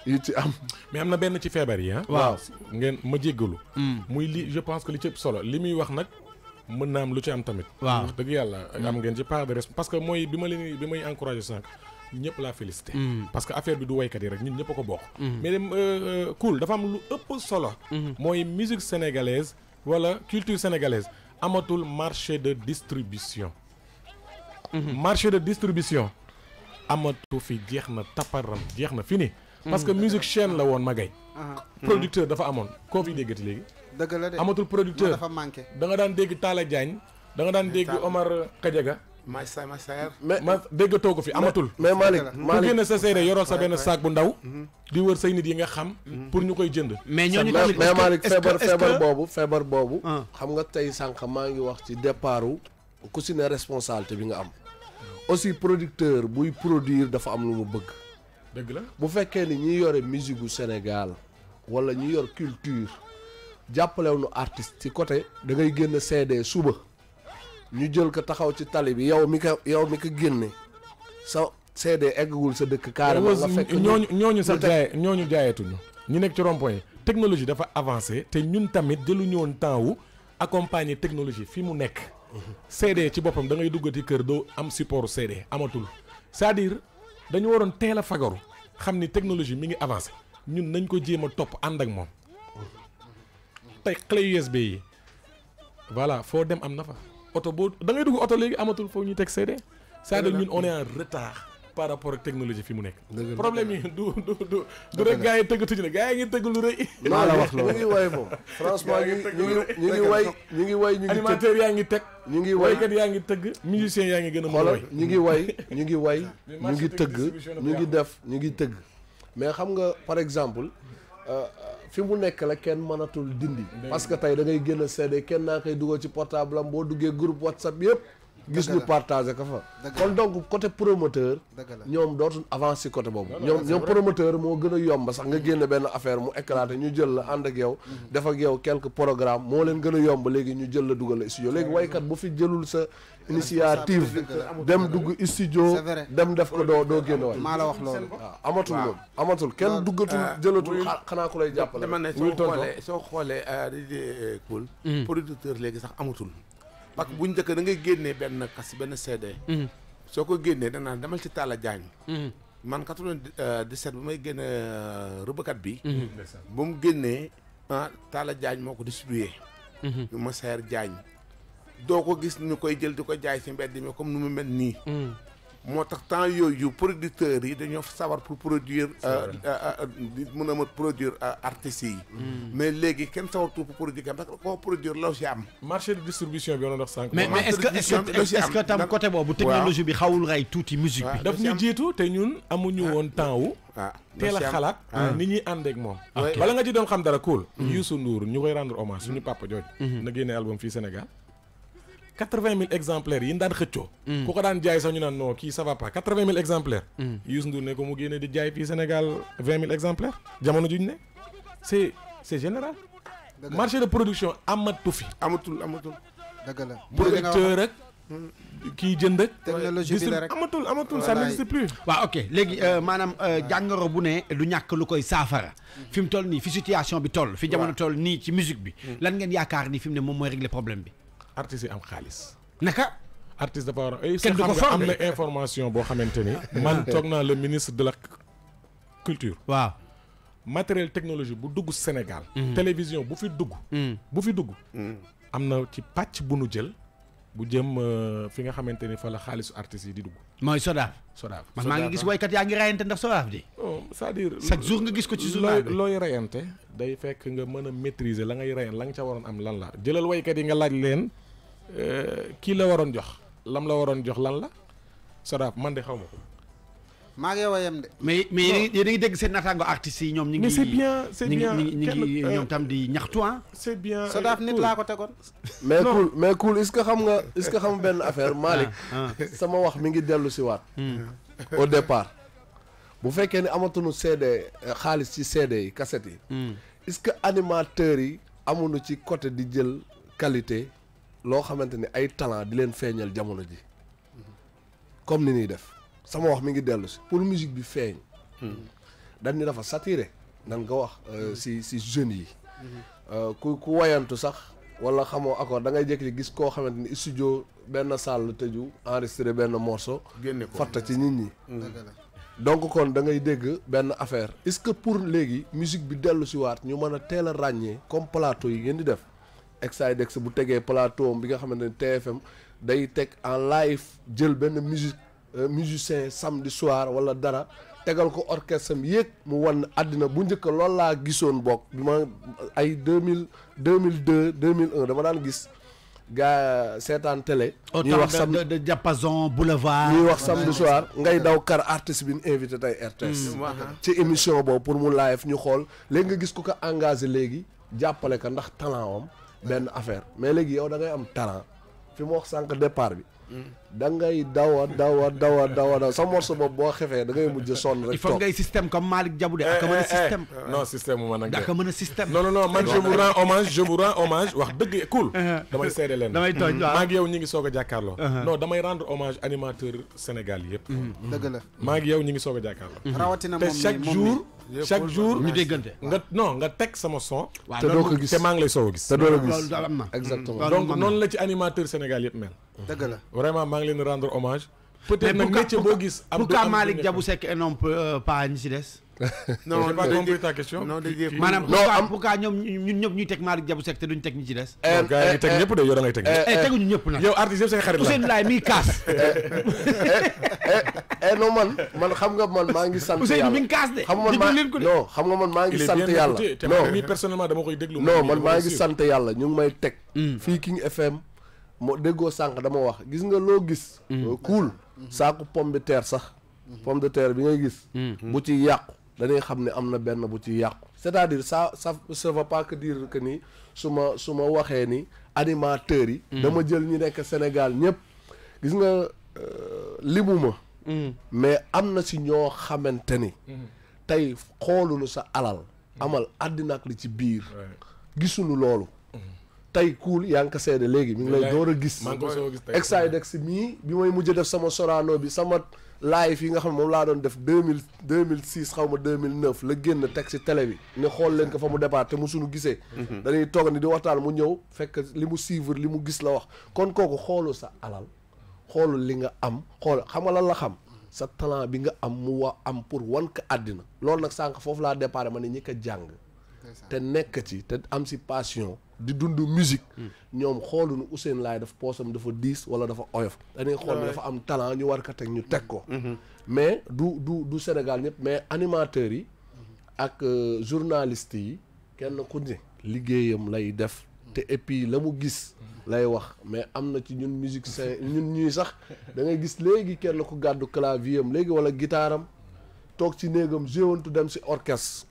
yu ci am. mais am na benn ci feebar yi ah. waaw ngeen ma jéggalu. Hmm. muy li je pense que li ci solo li muy wax nag mën naa am lu ci am tamit. waaw wax dëgg yàlla hmm. am ngeen ci part de parce que mooy bi ma leen bi may encouragé sànq ñëpp laa félicité. Hmm. parce que affaire bi du waykat yi rek ñun ñëpp a ko bokk. mais euh, euh, cool dafa am lu ëpp solo. mooy musique sénégalaise wala culture sénégalaise amatul marché de distribution. marché de distribution amatu fi jeex na tapparam jeex na fini. parce que musique chaîne la woon Magaye uh-huh. producteur dafa amoon koo fi déggati léegi dëgg la de amatul producteur dafa manqué da daan dégg Talla Diagne da nga daan dégg Omar Kadiaga ma sa ma saer ma déggatoo ko fi amatul mais Malick bu génn sa seere yorol sa benn saak bu ndaw mm-hmm. di wër say nit yi nga xam mm-hmm. pour ñu koy jënd mais ñooñu tamit mais Malick feebar feebar boobu feebar boobu ah. xam nga tey sànq maa ngi wax ci départu ku si ne responsabilité bi nga am aussi producteur buy produire dafa am lu mu bëgg dëgg la bu fekkee ni ñi yore musique gu Sénégal wala ñi yor culture jàppalewuñu artiste ci côté da ngay génn CD suba ñu jël ko taxaw ci tali bi yow mi ko yow mi ko génne sa CD eggagul sa dëkk carrément nga fekk ñooñu ñooñu sax jaaye ñooñu jaayetuñu ñu nekk ci rond-point technologie dafa avancé té ñun tamit jëluñu woon temps wu accompagner technologie fi mu nek mhm. CD ci bopam da ngay duggati kër do am support CD amatul c'est-à-dire dañu waroon teel a fagaru xam ni technologie mi ngi avancé ñun nañ ko jéem a topp ànd ak moom tey clé USB yi voilà foo dem am na fa oto boo da ngay dugg oto léegi amatul foofu ñuy teg CD c'est-à-dire ñun on est en retard par rapport ak technologie fi mu nekk. problème yi du du du du rek gaa yi tëgg tuuti na gaa yi tëgg lu rëy. maa la wax loolu ñu ngi way moom. franchement ñu ngi way ñu ngi yaa ngi teg. ñu ngi way yaa ngi tëgg. musicien yaa ngi gën a mën a ñu ngi way ñu ngi way ñu ngi tëgg ñu ngi def ñu ngi tëgg. mais xam nga par exemple. Euh, euh, fi mu nekk la kenn mënatul dindi. parce que tey da ngay génn CD kenn naa kay dugal ci portable am boo duggee groupe WhatsApp yëpp. gis ñu partagé ko fa kon donc côté promoteur ñoom dootuñ avance ci côté boobu ñoom ñoom promoteur moo gën a yomb sax nga génn benn affaire mu éclaté ñu jël la ànd ak yow mhm. def ak yow quelques programmes moo leen gën a yomb léegi ñu jël la dugal la studio léegi waykat bu fi jëlul sa initiative dem dugg studio dem def ko doo doo génn maa la wax loolu ah, waaw amatul loolu amatul kenn duggatul ah, jëlatul xanaa ku lay jàppale dama ne soo xoolee soo xoolee ah, cool hmm. producteur léegi sax amatul parce que bu njëkk da ngay génnee benn kas benn CD. Mhm. soo ko génnee danaa demal ci Talla Diagne. Mhm. man 97 bu may génne euh, rëbëkat bi. Mhm. ba mu génnee ah Talla Diagne moo ko distribué. ñu ma seer Diagne. doo ko gis ñu koy jël di ko jaay ci mbedd mi comme nu mu mel nii. moo tax temps yooyu producteurs yi dañoo sawar pour produire euh, euh, euh, mën a ma produire artistes yi mm. mais léegi kenn sawartu pour produire kenn parce koo produire loo si am marché de distribution bi doon wax sànq mais mais est-ce que est-ce que tam côté boobu technologie bi xawul ray tuuti musique bi ah, daf ñu jiitu te ñun amuñu ah, woon temps wu ah, teel a xalaat ni ñuy ànd ak moom wala nga ci doon xam dara cool mm. Youssou Ndour ñu koy rendre hommage suñu papa jooju mm-hmm. na génne album fii Sénégal quatre exemplaires yi ndan daan xëccoo. Hmm. ku ko daan jaay sax ñu naan non kii ça va pas quatre exemplaires. Hmm. Youssou Ndour ne ko mu génne di jaay fii Sénégal vingt exemplaires jamono juñ ne c'est c'est général. marché de production amatu fi. amatul amatul. dëgg la producteur ak. Hmm. kii jënd ak. technologie bi la rek amatul amatul ça plus. waaw ok léegi euh, maanaam euh, jàngoro bu ne du ñàkk lu koy saafara. fi mu toll nii fi situation bi toll. fi jamono toll nii ci musique bi. lan ngeen yaakaar ni fi mu ne moom mooy régler problème bi. artistes yi am xaalis. naka. artiste dafa war a ay kenn eh, du ko am na information boo xamante ni. man toog naa le ministre de la culture. waaw. matériel technologie bu dugg Sénégal. Mhm. télévision bu fi dugg. Mhm. Mhm. am na ci pàcc bu nu jël. bu jëm euh, fi nga xamante ni fa la xaalisu artistes yi di dugg. mooy Sodaaf. Sodaaf man maa ngi Sodaaf ah. oh, looy rayante day fekk nga mën a maîtriser la ngay rayan la nga ca waroon am lan la jëlal woykat yi nga laaj leen. Euh, kii la waroon jox lam la waroon jox lan la Sodaaf man di xaw ma maa ngi yow a de. mais mais yéen a ngi dégg seen naataango artistes yi ñoom. ñu ngi mais c'est bien c'est bien ñu ngi ñu ngi ñoom tam di ñaxtu a ah. c'est bien Sodaaf nit laa ko tegoon. mais cool mais cool est-ce que xam nga est-ce que benn affaire ah, Malick. Ah. sama wax mi ngi dellu si waat. Hmm. au départ. bu fekkee ne amatuñu CD euh, xaalis ci CD yi cassette yi. Hmm. est-ce que animateurs yi amuñu ci côté di jël qualité. lo xamanteni ay talent di len feñal jamono ji comme ni ni def sama wax mi ngi delu ci pour musique bi feñ dañ ni dafa nan nga wax euh, si si jeune yi euh, ku ku wayantu sax wala xamoo accord da ngay jékki gis ko xamanteni studio ben salle teju enregistrer ben morceau génne fatta ci nit ñi mm. donc kon da ngay dégg benn affaire est-ce que pour léegi musique bi dellu si waat ñu mën a teel comme plateau yi ngeen di def Exidex bu tegee plateau bi nga TFM day take en live jël benn musique euh, musicien samedi soir wala dara tégal ko orchestre am mu won adina bu njëkk lool la gissone bok bima ay 2000 2002 2001 dama daan gis ga télé. wax de diapason boulevard. wax samedi soir ngay daw kar artiste bi invité tay RTS. Mm. ci émission bo pour mu live ñu xol légui nga giss ko ko engagé talent benn affaire mais léegi yow da ngay am talent fi mu wax sànq départ bi. da ngay dawa dawa dawa dawa daw sa morceau boobu boo xefee da ngay mujj sonn rek. toog il faut ngay système comme Malick Diabou de ak a mën a eh, eh, eh. système. non man je vous rends hommage je vous wax dëgg cool. Uh-huh. damay seede leen damay toj waaw maa ngi yow ñi ngi soog a jàkkaarloo. Uh-huh. non damay rendre hommage animateur Sénégal yëpp. Mm-hmm. dëgg la maa ngi yow ñu ngi soog a jàkkaarloo. rawatina te chaque jour. chaque jour ñu déggante. nga non nga tek sama son. te do ko gis te maa ngi lay soog a gis. te do la gis mm. exactement donc non la ci animateur Sénégal yëpp mel. Mm. dëgg la vraiment maa ngi leen rendre hommage. peut-être nag métier bo gis. abdou du am pourquoi Malick Diabou Seck euh, pas ñi ci des. non j'ai pas compris maanaam pourquoi ñoom ñun ñëpp ñuy teg Malick teg ñi ci des. Euh, gars yi euh, teg ñëpp de yow da ngay teg ñëpp. Euh, eh, teguñu ñëpp nag yow artiste yëpp seen xarit la Ousseynou Laye miy kaas. Eh, eh, non man man xam nga man maa ngi sant yàlla Ousseynou mi ngi kaas de. xam nga man xam nga man maa ngi sant yàlla. non mi personnellement dama koy déglu. non man maa sant yàlla ñu ngi may teg. Mm. fii King FM moo déggoo sànq dama wax gis nga loo gis. Mm. cool mm. saaku pom de terre sax. pom de terre bi ngay gis. bu ci yàqu dañuy xam ne am na benn bu ci yàqu c'est-à-dire ça sa ça veut diir que dire que ni su ma su ma waxee ni animateurs yi mm. dama jël ñi nekk Sénégal ñëpp gis nga euh, limuma mm. mais am na si ñoo xamante ni mm. tey xoolunu sa alal amal àddina ak li ci biir gisuñu loolu tey kuul yaa ngi ko léegi mu ngi lay door a gis excidex mii bi may mujj def sama soraano bi sama live yi nga xam ne moom laa doon def deux mille deux mille six xaw ma deux mille neuf la génn teg si télé bi ne xool leen ko fa mu départ te mu suñu gisee mhm. dañuy toog ni di waxtaan mu ñëw fekk li mu suivre li mu gis la wax kon kooku xoolu sa alal xoolu li nga am xool xam nga lan la xam sa talent bi nga am mu wa am pour wan ko àddina loolu nag sànq foofu laa départ ma ne ñi ko jàng te nekk ci te am si passion di dund musique hmm. ñoom xooluñu Ousseynou Laay daf poosam dafa diis wala dafa oyof dañuy xool ah, dafa am talent ñu war ko teg ñu teg ko hmm. mais du du du Sénégal ñëpp mais animateurs yi ak euh, journalistes yi kenn ku ne liggéeyam lay def te et puis la mu gis lay wax mais am na ci ñun musique sain ñun ñuy sax dangay gis léegi kenn ku gàddu clavier léegi wala guitare toog ci néegam jéewantu dem si orchestre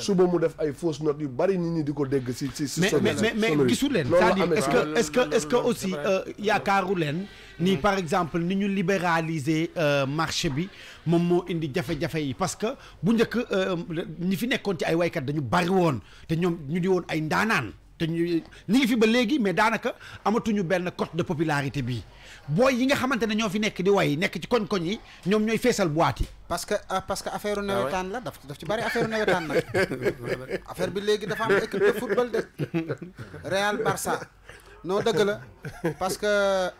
suba mu def ay fausse note yu bari nit ñi di ko dégg si si si mais mais mais gisu leen c'est-à-dire est-ce que est-ce que est-ce que aussi euh, yaakaaru leen ni mm. par exemple ni ñu libéraliser euh, marché bi moom moo indi jafe-jafe yi parce que bu njëkk euh, ñi fi nekkoon ci ay waykat dañu bari woon te ñoom ñu di woon ay ndaanaan te ñu ñi ngi fi ba léegi mais daanaka amatuñu benn cote de popularité bi booy yi nga xamante ne ñoo fi nekk di way nekk ci koñ-koñ yi ñoom ñooy feesal boîte yi. parce que euh, parce que affaire ah nawetaan la daf daf ci bari affaire nawetaan nag affaire bi léegi dafa am équipe de football de Real Barça non dëgg la parce que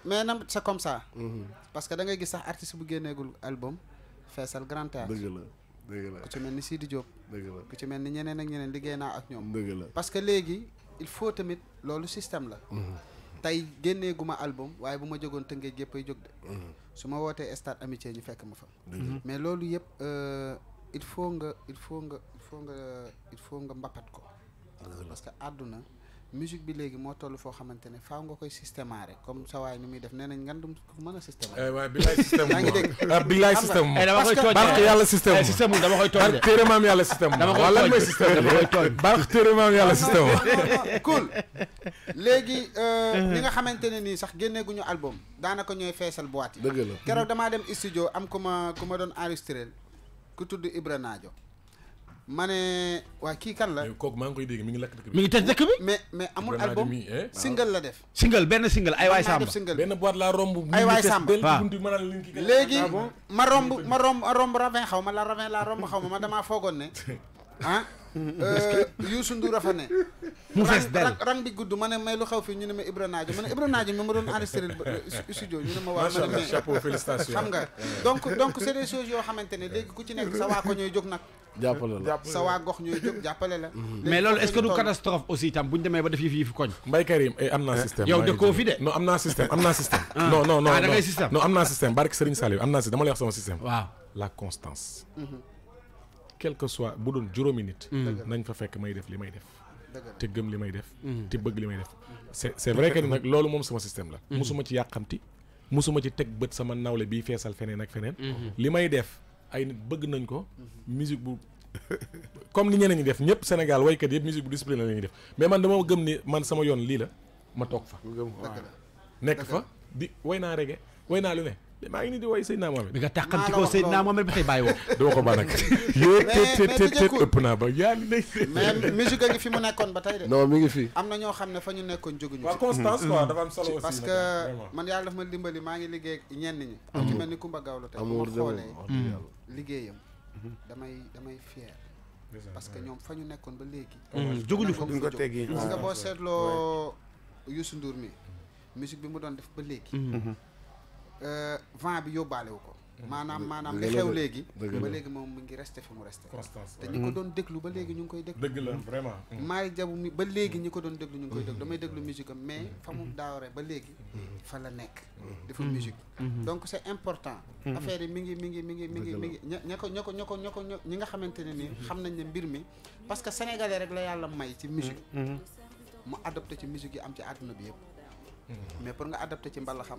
mais na c'est comme ça. Mhm. parce que da ngay gis sax artiste bu génneegul album feesal grand théâtre dëgg la. ku ci mel ni sii di dëgg la ku ci mel ni ñeneen ak ñeneen liggéey naa ak ñoom. dëgg parce que léegi il faut tamit loolu système la. Mhm. tey génnee gu ma album waaye bu ma jógoon tëngee gépp ay jóg de mhm. su ma wootee stade amitié ñu fekk ma fa mais loolu yëpp euh, il faut nga il faut nga il faut nga il faut nga mbappat ko parce que àdduna musique bi léegi moo toll foo xamante ne faaw nga koy systémaré comme sa waay ni muy def nee nañ ngan dum ku mën a systémaré eh, waaye billaay système yaa ngi dégg ah, billaay eh, eh, système moom dama koy tooñ barke yàlla système système moom dama koy tooñ barke téere maam yàlla système moom wala lan mooy système dama koy tooñ barke téere léegi ñi euh, nga mm-hmm. xamante ne nii sax génneeguñu album daanaka ñooy feesal boîte yi dëgg la keroog damaa dem studio am ku ma ku ma doon enregistré ku tudd Ibra Naajo ma ne waa kii kan la. kooku maa ngi koy dégg mi ngi lakk dëkk bi. mi ngi tëj dëkk bi. mais mais amul album single la def. single benn single ay waay Samba. benn boîte la romb. ay waay Samba ah. léegi ma romb ma romb ma romb Ravin xaw ma la Ravin la romb xaw ma ma damaa foogoon ne ah. Est-ce euh, fa rang ma chapeau donc donc c'est des choses yo xamantene ne ku ci sa wa ko ñoy jog vous la sa wa gox ñoy jog la. Mm-hmm. mais est-ce que du catastrophe aussi tam buñ démé ba def Vous koñ. Mbaye Karim ay eh, amna eh, système. yow ko fi dé non système amna système. Ah. non non non ah, système. non amna système barke Serigne Vous amna système dama lay wax sama système. la constance. Mm-hmm. quel que soit bu doon juróomi nit. Mm. nañ fa fekk may def li may def. te gëm li may def. Mm. te bëgg li may def. Mm. c' est c' vrai que nag loolu moom sama système la. musuma ci yàqamti musuma ci teg bët sama nawle bii feesal feneen ak feneen. Mm-hmm. li may def ay nit bëgg nañ ko. Mm-hmm. musique bu comme ni ñeneen ñi def ñëpp Sénégal waykat yëpp musique bu discipline la ñuy def mais man dama gëm ni man sama yoon lii la ma toog fa. nekk fa di way naa reggae way naa lu ne. maa ngi nii di woy Seydina Mohamed. bi nga tàqanti ko Seydina Mohamed naa ba fi mu nekkoon ba tey de. mi ngi fi. am na ñoo xam ne fa ñu nekkoon jóguñu. waaw constance quoi dafa am solo aussi. parce dimbali maa ngi liggéey ak ñenn ñi. am ci mel ni Kumba Gawlo tey. amoo xoolee liggéeyam. Mhm. damay damay parce que ñoom fa ñu nekkoon ba léegi. Mhm. jóguñu fa duñ ko teggi parce que boo seetloo Youssou Ndour mi musique bi mu doon def ba léegi mhm. Euh, vent bi yóbbaale wu ko. Mhm. maanaam maanaam li xew léegi ba léegi moom mu ngi resté fi mu resté te ñi ko mhm. doon déglu ba léegi ñu ngi koy déglu dëgg la vraiment jabu mhm. mi ba léegi ñi ko doon déglu ñu ngi koy déglu damay déglu musique am mais fa mu daaware ba léegi fa la nekk dafa musique donc c'est important affaire yi mi ngi mi ngi mi ngi mi ngi mi ngi ña ko ña ko ña ko ña ko ñi nga xamante ne ni xam nañ ne mbir mi parce que sénégalais rek la yàlla may ci musique mu adopté ci musique yi am ci àdduna bi yëpp mais pour nga adopté ci mbalaxam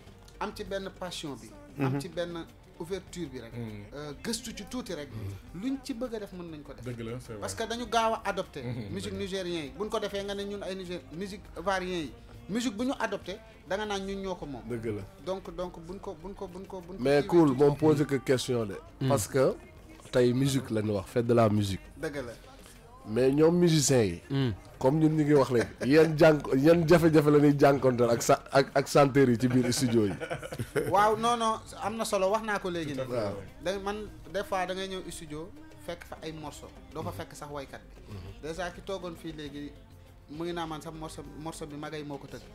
am ci ben passion bi. Mhm. am ci ben ouverture bi rek. Mhm. Euh, gëstu ci tuuti rek. Mhm. luñ ci bëgg def mën nañ ko def. dëgg la parce que dañu gaaw a adopté. musique nigérien yi buñ ko defee nga ne ñun ay Niger musique varien yi. musique bu ñu adopté da nga naan ñun ñoo ko moom. dëgg la donc donc buñ ko buñ ko buñ ko buñ ko. mais cool moom posé que question de. parce que tey musique la ñu wax fête de la musique. dëgg la mais ñoom musiciens yi. comme ñun ñu ngi wax léegi yan jànk yan jafe-jafe la ñuy jànkonteel ak sa ak ak centre yi ci biir studio yi. waaw non am na solo wax naa ko léegi nii. waaw man des fois da ngay ñëw studio fekk fa ay morso doo fa fekk sax waykat bi. Mhm. dèjà ki toogoon fii léegi mu ngi naa man sax morceau morso bi magay moo ko tëgg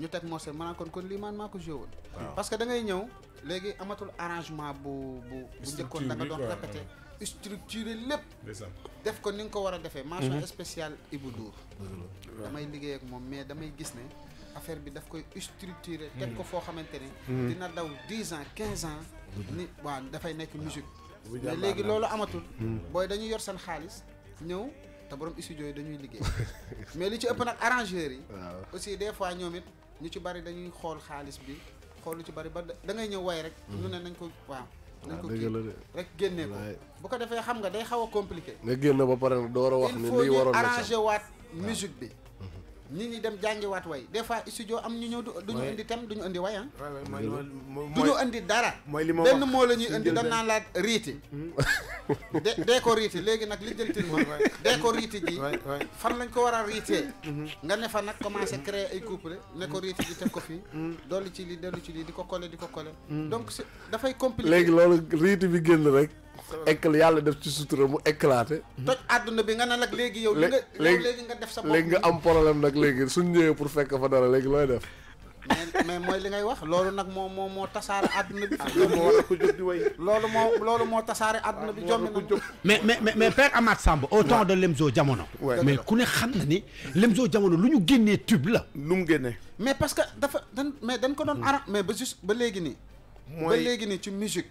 ñu teg morceau bi ma kon lii man maa ko joué woon. parce que da ngay ñëw léegi amatul arrangement bu bu. bu njëkkoon da nga doon répété. structuré lépp. def ko ni nga ko war a defee. Mhm. mention spéciale Ibou Ndour. damay liggéey ak moom mais damay gis ne affaire bi daf koy structuré. teg ko mhm. foo xamante ne. Mhm. dina daw 10 ans 15 ans. ni waaw dafay nekk musique. mais léegi loolu amatul. booy dañuy yor seen xaalis ñëw. te borom studio yi dañuy liggéey mais li ci ëpp nag arrangeur yi. aussi des fois ñoom it ñu ci bari dañuy xool xaalis bi xool lu ci bari ba da ngay ñëw way rek. ñu ne nañ ko waaw. nañ ah, ko kii rek génne ko bu ko defee xam nga day xaw a compliqué nga génn ba pare door a wax ni lii waroon na waat ah. musique bi ñu ngi dem jàngiwaat way des fois studio am ñu ñëw du ñu indi tem du ñu indi way ah. du ñu indi dara. mooy li ma wax benn moo la indi dañ naan la riiti. de dee ko riiti léegi nag li jël til moom. dee ko riiti ji. fan lañ ko war a riitee. Mm-hmm. nga ne fa nag commencé créer ay couple ne ko mm-hmm. riiti ji teg ko fii. Mm-hmm. dolli ci li dolli ci lii di ko kole di ko collé. donc dafay compliqué. léegi loolu riiti bi génn rek. ekkale yàlla def ci sutura mu éclaté. toj àdduna bi nga ne lag léegi yow. li nga léegi nga def sa bopp léegi nga am problème nag léegi suñ ñëwee pour fekk fa dara léegi looy def. mais mais mooy li ngay wax loolu nag moo moo moo tasaare àdduna bi. Ah, loolu moo loolu moo tasaare àdduna bi ah, jommi na mais mais mais Père Amath Samb au temps de Lemzo Jamono. mais ku ne xam na ni. Lemzo Jamono lu ñu génnee tube la. lu mu génnee. mais parce que dafa dañ mais dañ ko doon hmm. ara mais ba juste ba léegi nii. mooy ba léegi nii ci musique.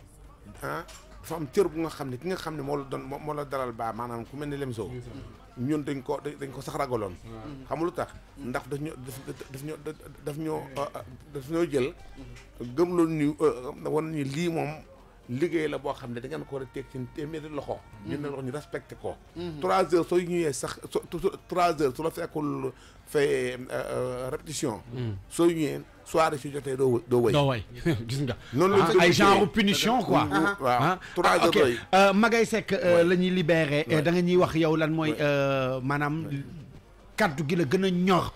ah dafa cër bu nga xam ne ki nga xam ne moo la doon moo la dalal baa maanaam ku mel ne Lemzo ñun dañ ko dañ ko sax ragaloon xam nga lu tax ndax daf ñoo daf ñoo daf ñoo daf ñoo jël gëm loolu ñu euh, wan ni lii moom liggéey la boo xam ne da ngeen ko war a teg ci téeméeri loxo. ñu ne loxo ñu respecté ko. Mhm. trois heures soo ñëwee sax trois heures su la fekkul fay euh, euh, mhm. soo ñëwee soirée si jotee doo doo way. doo way gis nga. noonu ah, ay genre punition quoi. Ah, ah. waaw trois heures yooyu ok euh, Magaye Seck la ñuy libéré. da ñuy wax yow lan mooy maanaam kaddu gi la gën a ñor.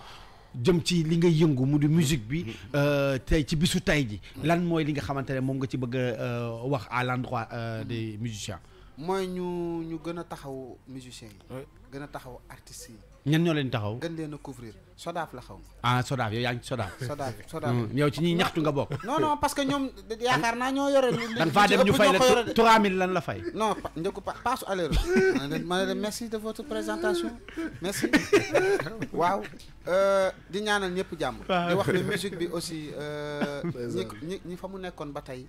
jëm ci li nga yëngu mu di musique bi euh, tay ci bisu tay ji lan moy li nga xamantene mom nga ci bëgg a euh, wax à l'endroit euh, des musiciens moy ñu ñu gëna taxaw musiciens gëna taxaw artistes ñan ñoo leen taxaw. gën leen a couvrir sodaaf la xaw ah sodaaf yow yaa ngi sodaaf. sodaaf sodaaf hmm, yow ci ñi ñaxtu nga bokk. non non parce que ñoom yaakaar naa ñoo yore. dañ faa dem ñu la fay. non pa njëkk pa paasu aller ma ne merci de votre présentation merci waaw euh, di ñaanal ñëpp jàmm. wax ne bi aussi. Euh, ñi ñi fa mu nekkoon ba tey.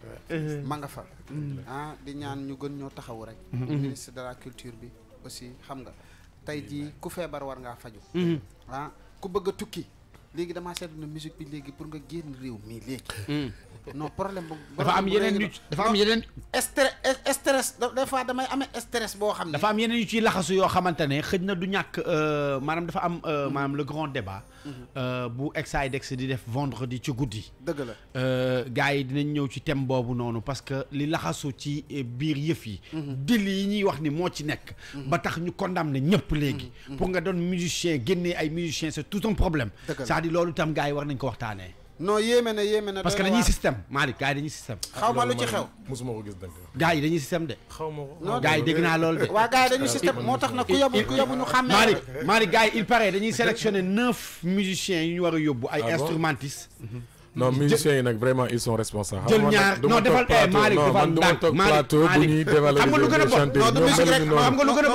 ma nga fa. Mm. ah di ñaan ñu gën ñoo taxaw rek. Mm-hmm. ministre de culture bi aussi xam nga. tey jii ku feebar war ngaa faju mm-hmm. ah ku bëgg a tukki léegi damaa seetlu na musique bi léegi pour nga génn réew mii léegi mm. non problème bu dafa am yeneen yu dafa am yeneen stress stress des fois damay amee stress boo xam ne dafa am yeneen yu ciy laxasu yoo xamante ne xëj na du ñàkk euh, maanaam dafa am euh, maanaam le grand débat Euh, bu Exidex di def vendredi ci goudi dëgg la euh, gars yi dinañ ñëw ci thème bobu noonu parce que li laxasu ci eh, biir yëf yi. Mhm. dil li ñi wax ni mo ci nek mhm. ba tax ñu condamné ñepp légui mhm. pour nga doon musicien génnee ay musicien c'est tout un problème. ça à dire loolu itam gars war nañ ko waxtané non a na parce que un système Malik, y a système. Ah, a un lu ci xew a ko système. Il y a système de. y a un système. il y a système a na ku y ku un il paraît neuf musiciens système. ñu y a un ay ah instrumentistes. non musiciens un vraiment ils sont responsables. non a un système. Il y a un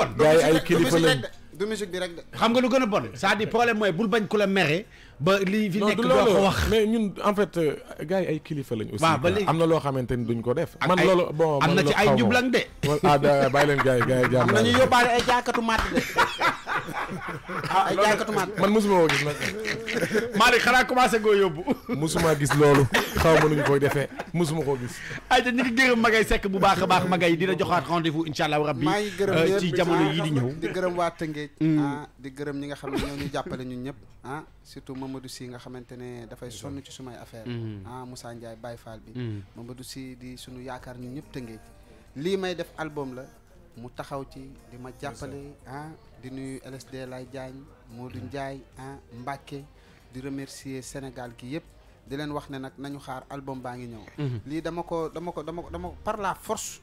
a non du musique rek xam nga lu y a bon. musique bon dire problème système. Il bañ ba lii fi nekk doo ko wax ñun en fait euh, gars yi ay kilifa lañ aussi ba léegi am na loo xamante ni duñ ko def man loolu bon am na ci ay njublang de ah bàyyi leen gars yi gars yi jàmm am nañu yóbbaale ay jaakatu màtt ah ay jaaykatu maat man mosuma woo gis nag. Malick xanaa commencé goo yóbbu. mosuma gis loolu xaw ma ñu koy defee mosuma koo gis. ayca ñu ngi gërëm Magaye Seck bu baax a baax Magaye dina joxaat rendez-vous incha allah rabbi euh, ci jamono yi di ñëw. di gërëm waa Tëngéej. Mm. Ah, di gërëm ñi nga xam ne ñoo ñu jàppale ñun ñëpp. ah surtout Mamadou Sy nga xamante ne dafay sonn ci sumay affaire mm. ah Moussa Ndiaye Baye Fall bi. Mm. Mamadou Sy di suñu yaakaar ñun ñëpp Tëngéej lii may def album la mu taxaw ci di ma jàppale ah di nuyu LSD Lay Diagne Modou Ndiaye ah Mbacke di remercier Sénégal gi yëpp di leen wax ne nag nañu xaar album baa ngi ñëw. Mhm. lii dama ko dama ko dama ko dama par la force.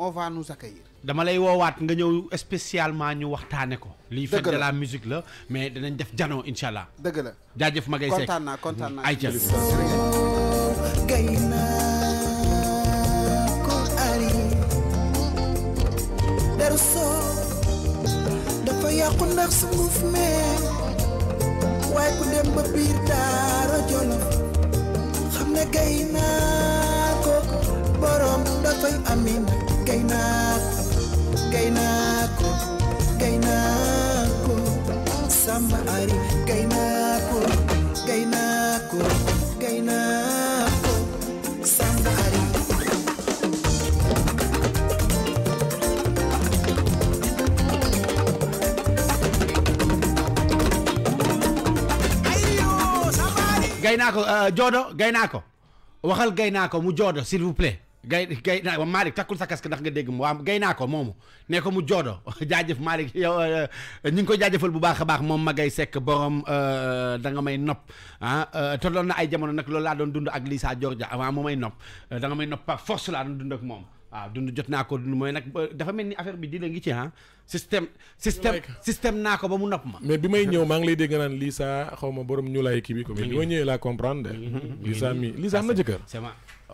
on va nous accueillir. dama lay woowaat nga ñëw spécialement ñu waxtaane ko. lii fête de la musique la mais danañ def janoo incha allah. dëgg la jaajëf Maguette Seck kontaan naa kontaan naa ay jëf. yàqu ndax sunguf meen waaye ku dem ba biir daara jolof xam ne gay naa ko borom amin gay naa ko ari gay naa ko joodo euh, gay naa ko waxal gay naa ko mu joodo s'il vous plaît gay gay naa Malick takkul sa casque ndax nga dégg mu waa gay ko moomu ne ko mu joodo jaajëf Malick yow euh, ñu ngi koy jaajëfal bu baax a baax moom ma gay sekk borom euh, da nga may nopp ah tolloon na ay jamono nag loolu laa doon dund ak Lisa Georgia avant mu may nopp danga may nopp par force laa doon dund ak moom waaw ah, dund jot naa ko dund mooy nag dafa mel ni affaire bi di la ngi ci ah système système système naa ko ba mu nopp ma mais bi may ñëw maa ngi lay dégg naan Lisa xaw ma borom ñu laay kii bi ko mais bi ma ñëwee laa comprendre de mm-hmm. Mm-hmm. Lisa mi mm-hmm. Lisa am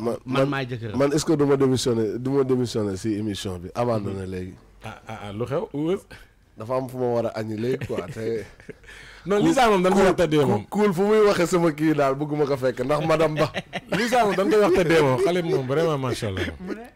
man man maay jëkkër man est-ce que du ma démissionné du si émission bi abandonné léegi ah, ah ah lu xew dafa am fu ma war a añi léegi quoi te non Lisa moom dañ koy wax te dee moom kuul fu muy waxee sama kii daal bëgguma ko fekk ndax madame Ba Lisa moom dañ koy wax te dee moom xale bi moom vraiment macha allah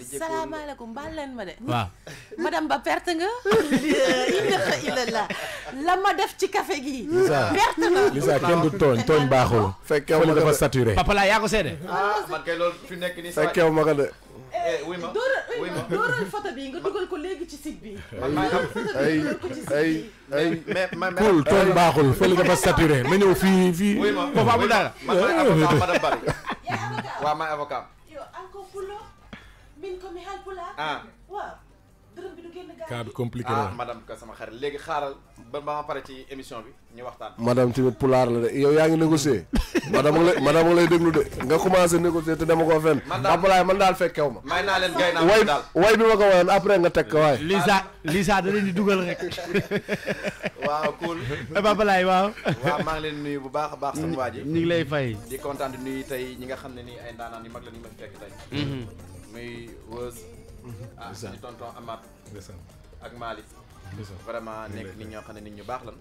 salaamaaleykum baal leen ma de. waaw madame ba perte nga. illallah la ma def ci café gi. perte na Lisa kenn du tooñ tooñ baaxul. fekkew ma ko dafa saturé. papa laa ah, ah, fi nekk nii. fekkew ma eh, eh, eh, bi nga dugal ko léegi ci fii fii. foofu amul dara. man min ko mi Haalpulaar. ah, ah ka sama xarit léegi xaaral ba ma pare ci émission bi ñu waxtaan. madame tamit pulaar la de yow yaa ngi négocier. madame nga lay madame nga lay déglu de nga commencé négocier te dama ko fen. man man daal fekkew ma. may naa leen gay naa way way bi ma ko wayoon après nga teg ko waay. Lisa Lisa da leen di dugal rek. waaw cool. Abdoulaye waaw. waaw maa ngi leen nuyu bu baax a baax. sama waa ji ñu ngi lay fay. di kontaan di nuyu tey ñi nga xam ne ni ay ndaanaan yu mag la ñu ma fekk tey. Mhm. muy wëz. Mhm. ah suñu tonton Amath. ak Malick. vraiment nekk nit ñoo xam ne nit ñu baax lan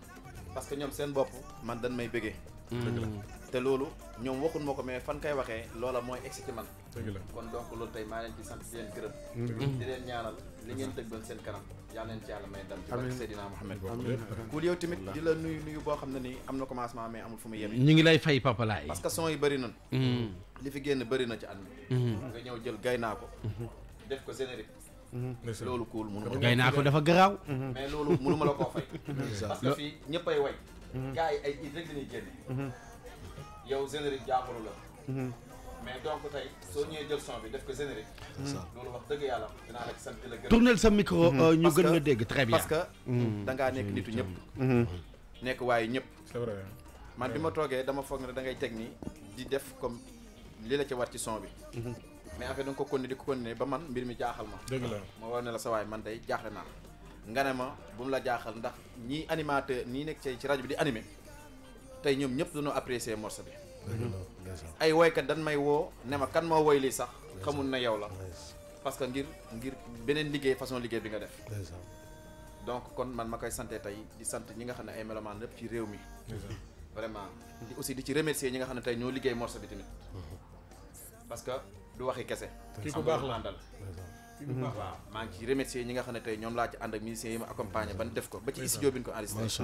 parce que ñoom seen bopp man dañ may bëggee. Mm. te loolu ñoom waxuñ ma ko mais fan kay waxee loola mooy egsi ci man. kon donc loolu tey maa leen ci sant di leen gërëm. Mm. di leen ñaanal li ngeen dëggal seen kanam yàlla leen ci yàlla may dal. ci barke Seydina Mohamed. kuul yow tamit di nuyu nuyu boo xam ne nii am na commencement mais amul fu mu yem. ñu ngi lay fay papalaay. parce li fi génn bëri na ci at mi. Mhm. nga ñëw jël gay naa ko. Mhm. def ko générique. Mhm. loolu kuul mënu ma gay ko dafa garaaw. mais loolu mënu ma la koo fay. parce que fii ñëppay way. gars ay it rek dañuy génne. yow générique jàmbur la. mais ko tey soo ñëwee jël son bi def ko générique. loolu wax dëgg yàlla dinaa la sant la tournel sa micro euh, ñu gën la dégg très bien. parce que da ngaa nekk nitu ñëpp. nekk waaye ñëpp. man bi ma toogee dama foog ne da teg nii di def comme. li la ci war ci son bi mhm. mais en fait da nga ko continuer di ko continuer ba man mbir mi jaaxal ma dëgg la ma war ne la sa man tey jaaxle naa nga ne ma bu mu la jaaxal ndax ñii animateur ñii nekk ci ci rajo bi di animé tey ñoom ñëpp dañoo apprécier morceau bi ay woykat dañ may woo ne ma kan moo woy lii sax xamul na yow la parce que ngir ngir beneen liggéey façon liggéey bi nga def donc kon man ma koy sante tey di sant ñi nga xam ne ay melomaan lépp ci réew mi vraiment di aussi di ci ñi nga xam ne tey ñoo liggéey morceau bi tamit mhm. parce que du waxi kese. kii bu baax la àndal. waaw maa ngi ciy remercier ñi nga xam ne tey ñoom laa ci ànd ak musiciens yi ma accompagné ban def ko ba ci studio bi ñu ko enregistré.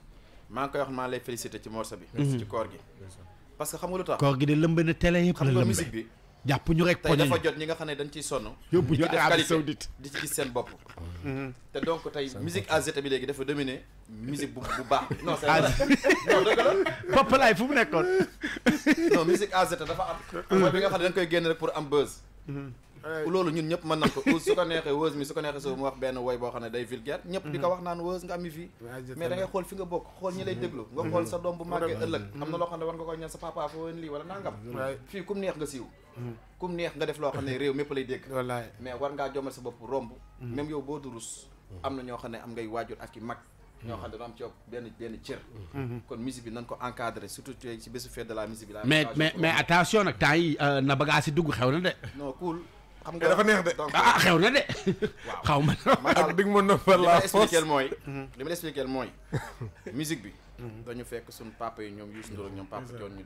maa ngi koy wax maa lay félicité ci morceau bi. Mhm. parce que xam nga lu tax koor gi de lëmb na télé yëpp la lëmb xam nga musique bi. jàpp xam ne dañ ciy sonn. yóbbu ñu Arabie Saoudite di ci gis seen bopp. Mhm. te donc tey musique AZT bi léegi dafa dominé. musique bu bu baax. non fu mu nekkoon. non musique AZT dafa am. Mhm. bi nga xam ne dañ koy génn rek pour am buzz. loolu ñun ñëpp mën nañ ko Weuss su ko neexee Weuss mi su ko neexee so wax benn woy boo xam ne day vulgaire ñëpp di wax naan Weuss nga mm-hmm. am na loo mm-hmm. xam ne war nga mm-hmm. am na ñoo xam ne am ngay waajur ak i mag ñoo xam ne dañoo am ci benn benn cër. kon musique bi nañ ko encadré surtout ci bésu fête la musique bi. la mais mais attention nag temps yi euh, na bagage yi dugg xew na de. xam eh, nga dafa neex de ah xew na de. waaw xaw ma. ak mhm. bi ma noppal la force li mooy. li bi. dañu fekk suñu papa yi ñoom Youssou Ndour ak ñoom papa Thione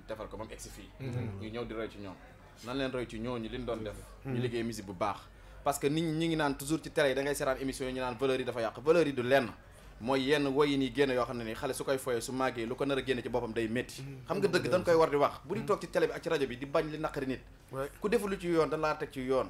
fii. Mhm. ñu ñëw di roy ci ñoom. nan leen roy ci ñooñu li ñu doon def. Mhm. ñu liggéey musique bu baax. parce que nit ñi ngi naan toujours ci télé yi da ngay émission yi ñu naan valeur yi dafa yàq valeur yi du lenn. mooy yenn woy yi génn yoo xam ne nii xale su koy foyee su màggee lu ko nar a génne ci boppam day métti xam nga dëgg dañ koy war di wax bu di toog ci télé bi di bañ li naqari nit lu ci yoon dañ laa teg ci yoon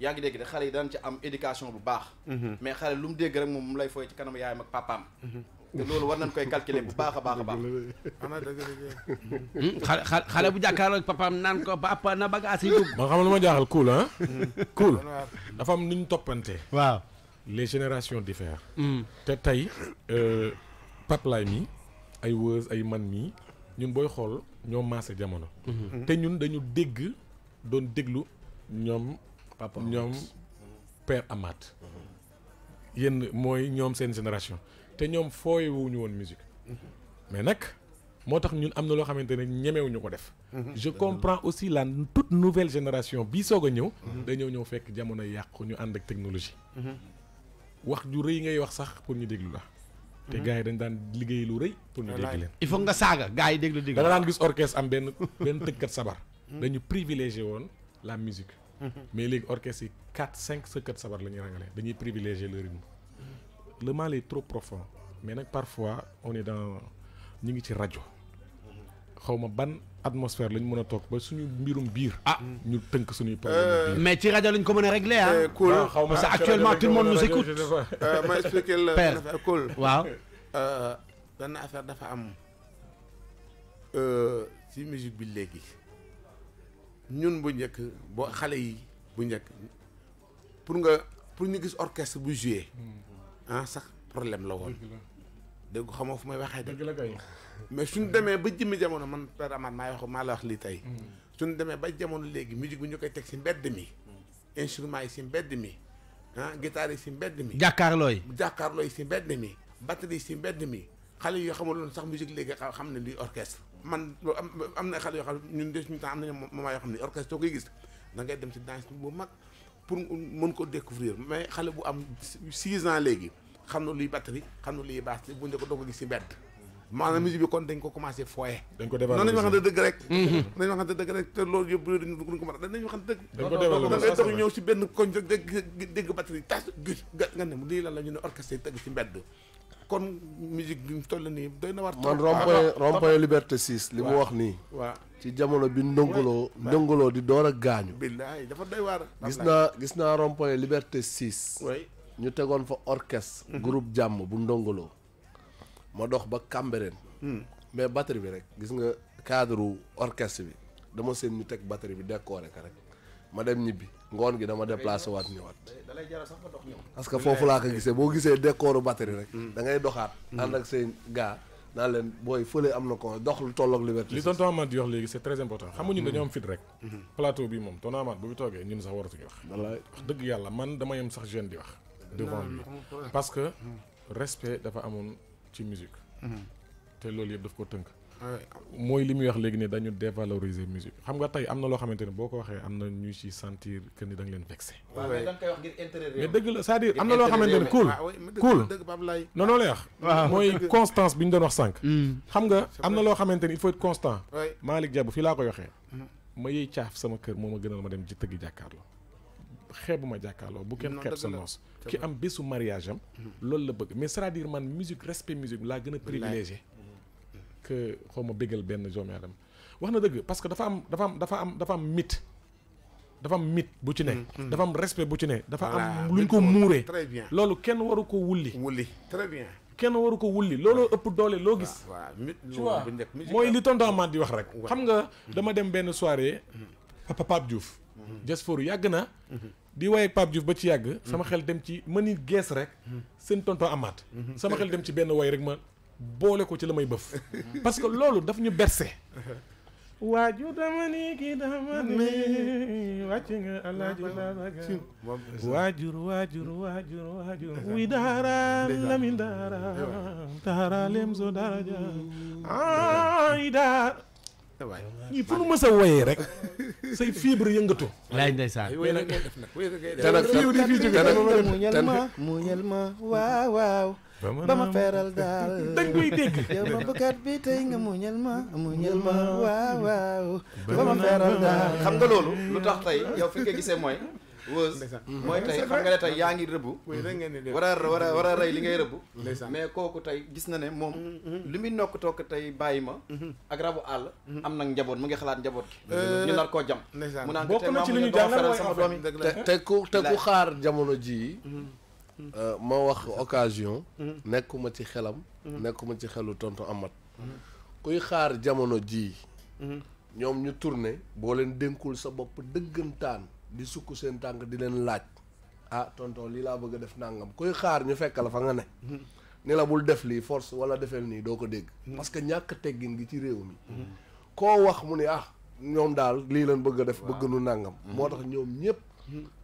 yaa ngi dégg de xale yi daan ci am éducation bu baax mhm. mais xale lu mu dégg rek moom mu lay fooy ci kanam yaayam ak papaam mhm. te loolu war nañ koy calculer bu baax a baax a baax mhm. xale xale xale bu jàkkaarloo ak papaam naan ko papa na bagage yi dugg ma xam lu ma jaaxal cool ah cool dafa am nu ñu toppante waaw les générations diffèrent te tey euh, lay mi ay wërs ay man mii ñun booy xool ñoo maase jamono te ñun dañu dégg doon déglu ñoom ñom père Amath yenn moy ñom sen génération te ñoom fooye wuñu won musique mais nak motax ñun amna lo loo ñëmé ne ñemewuñu ko def mhm. je comprends aussi la toute nouvelle génération bi soog a ñëw mhm. dañoo ñëw fekk jamono yaq ñu and ak technologie mhm. wax ju reuy ngay wax sax pour ñu déglu la té gaay yi dañ daan liggéey lu reuy pour ñu déglu il faut nga saga gaay déglu déglu da nga daan gis orchestre am ben ben tëggkat sabar dañu privilégié won la musique mais les orchestres 4 5 ce sëkkat savoir la ñuy rangale dañuy privilégier le rythme le mal est trop profond mais nak parfois on est dans ñu ngi ci radio xaw ban atmosphère lañ mën tok ba suñu mbirum bir ah ñu tënk suñu problème euh, mais ci radio lañ ko mën régler hein ah. Koul ah, xaw ah, actuellement tout le monde nous écoute. Euh, ma expliqué la benn affaire Koul. waaw. Euh, benn affaire dafa am euh ci musique bi légui ñun bu njëkk boo xale yi bu njëkk pour nga pour ñu gis orchestre bu joué hmm. ah sax problème la woon dégg nga xamoo fu may waxee dëgg la mais suñ demee ba jëmmi jamono man Père Amath maa wax maa la wax lii tey hmm. suñ demee ba jamono léegi musique bu ñu koy teg si mbedd mi hmm. instrument yi si mbedd mi ah guitare yi si mbedd mi jàkkaarloo yi jàkkaarloo si mbedd mi batterie yi si mbedd mi xale yoo xamul loolu sax musique léegi xam ne lii orchestre man am na xale yoo xam ne ñun de suñu temps am nañu moment yoo xam ne orchestre koy gis da ngay dem ci danse bu mag pour mën ko découvrir mais xale bu am six ans léegi xam na luy batterie xam na luy basse bu ñu ko doo ko gis ci mbedd maanaam hmm. musique dëgg rek. Hmm. nañu waxante dëgg rek te loolu yëpp bu dee ko mën a nga ne lii la ñu ne orchestre tëgg ci mbedd. kon toll nii doy na war. man rond-point ah, Liberté 6. li mu wax nii. waaw ci jamono bi ndongoloo. ndongoloo di door a gaañu. billaay dafa doy waar. gis naa gis naa rond-point Liberté 6. ñu tegoon fa orchestre. Mhm. groupe jàmm bu ndongoloo. ma dox ba Cambérène. Hmm. mais batterie bi rek gis nga cadre orchestre bi dama seen ñu teg batterie bi décorer ko rek ma dem ñibbi. ngoon gi dama déplacé waat ñëwaat. da lay jaral sax nga que foofu laa ko gisee boo gisee décoru batterie rek. Mm. da ngay doxaat. ànd ak seen gaa naan leen booy fële am na ko dox lu tolloog liberté. li tonton Amath di wax léegi c'est très important xam nga ñun dañoo am mm. fit rek. Mm-hmm. plateau bi moom tonton Amath bu fi toogee ñun sax waratuñu wax. wallaay wax dëgg yàlla man dama yem sax jeune di wax. devant lui mm-hmm. parce que mm-hmm. respect dafa amoon ci musique te loolu yëpp daf ko tënk. mooy li muy wax léegi ne dañu dévaloriser musique xam nga tey am na sentir que ni da leen vexé. mais la c'est-à-dire am cool. Ah cool non non lay wax. constance bi ñu doon wax sànq. Mm. xam nga il faut être constant. Malick Diabou fii laa koy mm. ma yey caaf sama kër moo ma gënal ma dem ji tëgg jàkkaarloo. ma jàkkaarloo bu kenn xeeb sa noos ki am bésu mariage am. Mm. loolu la bëgg mais c'est-à-dire man musique respect musique la gën que xaw ma bégal benn jomèram wax na dëgg parce que dafa am dafa am dafa am dafa am mythe dafa am mythe bu ci ne mm, mm. dafa am respect bu ci ne dafa am lu ñu ko muuree très bien loolu kenn waru ko wulli wulli très bien kenn waru ko wulli looloo ëpp doole loo gis tu vois mooy li tonton di wax rek xam nga mm. dama dem benn soirée papa Pape Diouf diaspora mm-hmm. yàgg na mm-hmm. di waaye Pape Diouf ba ci yàgg sama mm-hmm. xel dem ci ma ni gees rek seen tonton Amath sama xel dem ci benn way rek ma boole ko ci la may bëf parce que loolu daf ñu berse waaju dama ni ki dama ni wàcc nga alaaji daraga waajur waajur waajur waajur wi daara lamin daara daara lem daraja ay daara fu nu mës a woyee rek say fibre yëngatu laaj ndeysaan def nag mu ñel ma mu ñel ma waaw waaw ba feral dal, daal dañ koy dégg yow ma bëggaat nga muñal ma muñal ma waaw waaw ba feral dal xam nga loolu lu tax tay. yow fi nga gisee mooy wëz mooy tey xam nga ne tey yaa wara wara wara a war a war a rey li ngay rëbb mais kooku tey gis na ne moom mm, mm, mm. li muy nokk tokk ma mm-hmm. ak rabu mm-hmm. am nang jabot, mu ngi xalaat njaboot gi euh, ñu nar ko jam mu naan ko tey maa ñu sama doom te ku te ku xaar jamono mm-hmm. Euh, ma wax occasion. Mm. nekkuma ci xelam. Mm. nekkuma ci xelu tontu amat. kuy xaar jamono jii. Mm. ñoom ñu tourné boo leen dénkul sa bopp dëggantaan di sukk seen tànk di leen laaj. ah tonton lii laa bëgg def nangam kuy xaar ñu fekk la fa nga ne. ni la bul def lii force wala defeel nii doo ko dégg. parce que ñàkk teggin gi ci réew mi. koo wax mu ne ah ñoom daal lii leen bëgg a def. bëgg nu nangam. moo tax ñoom ñëpp.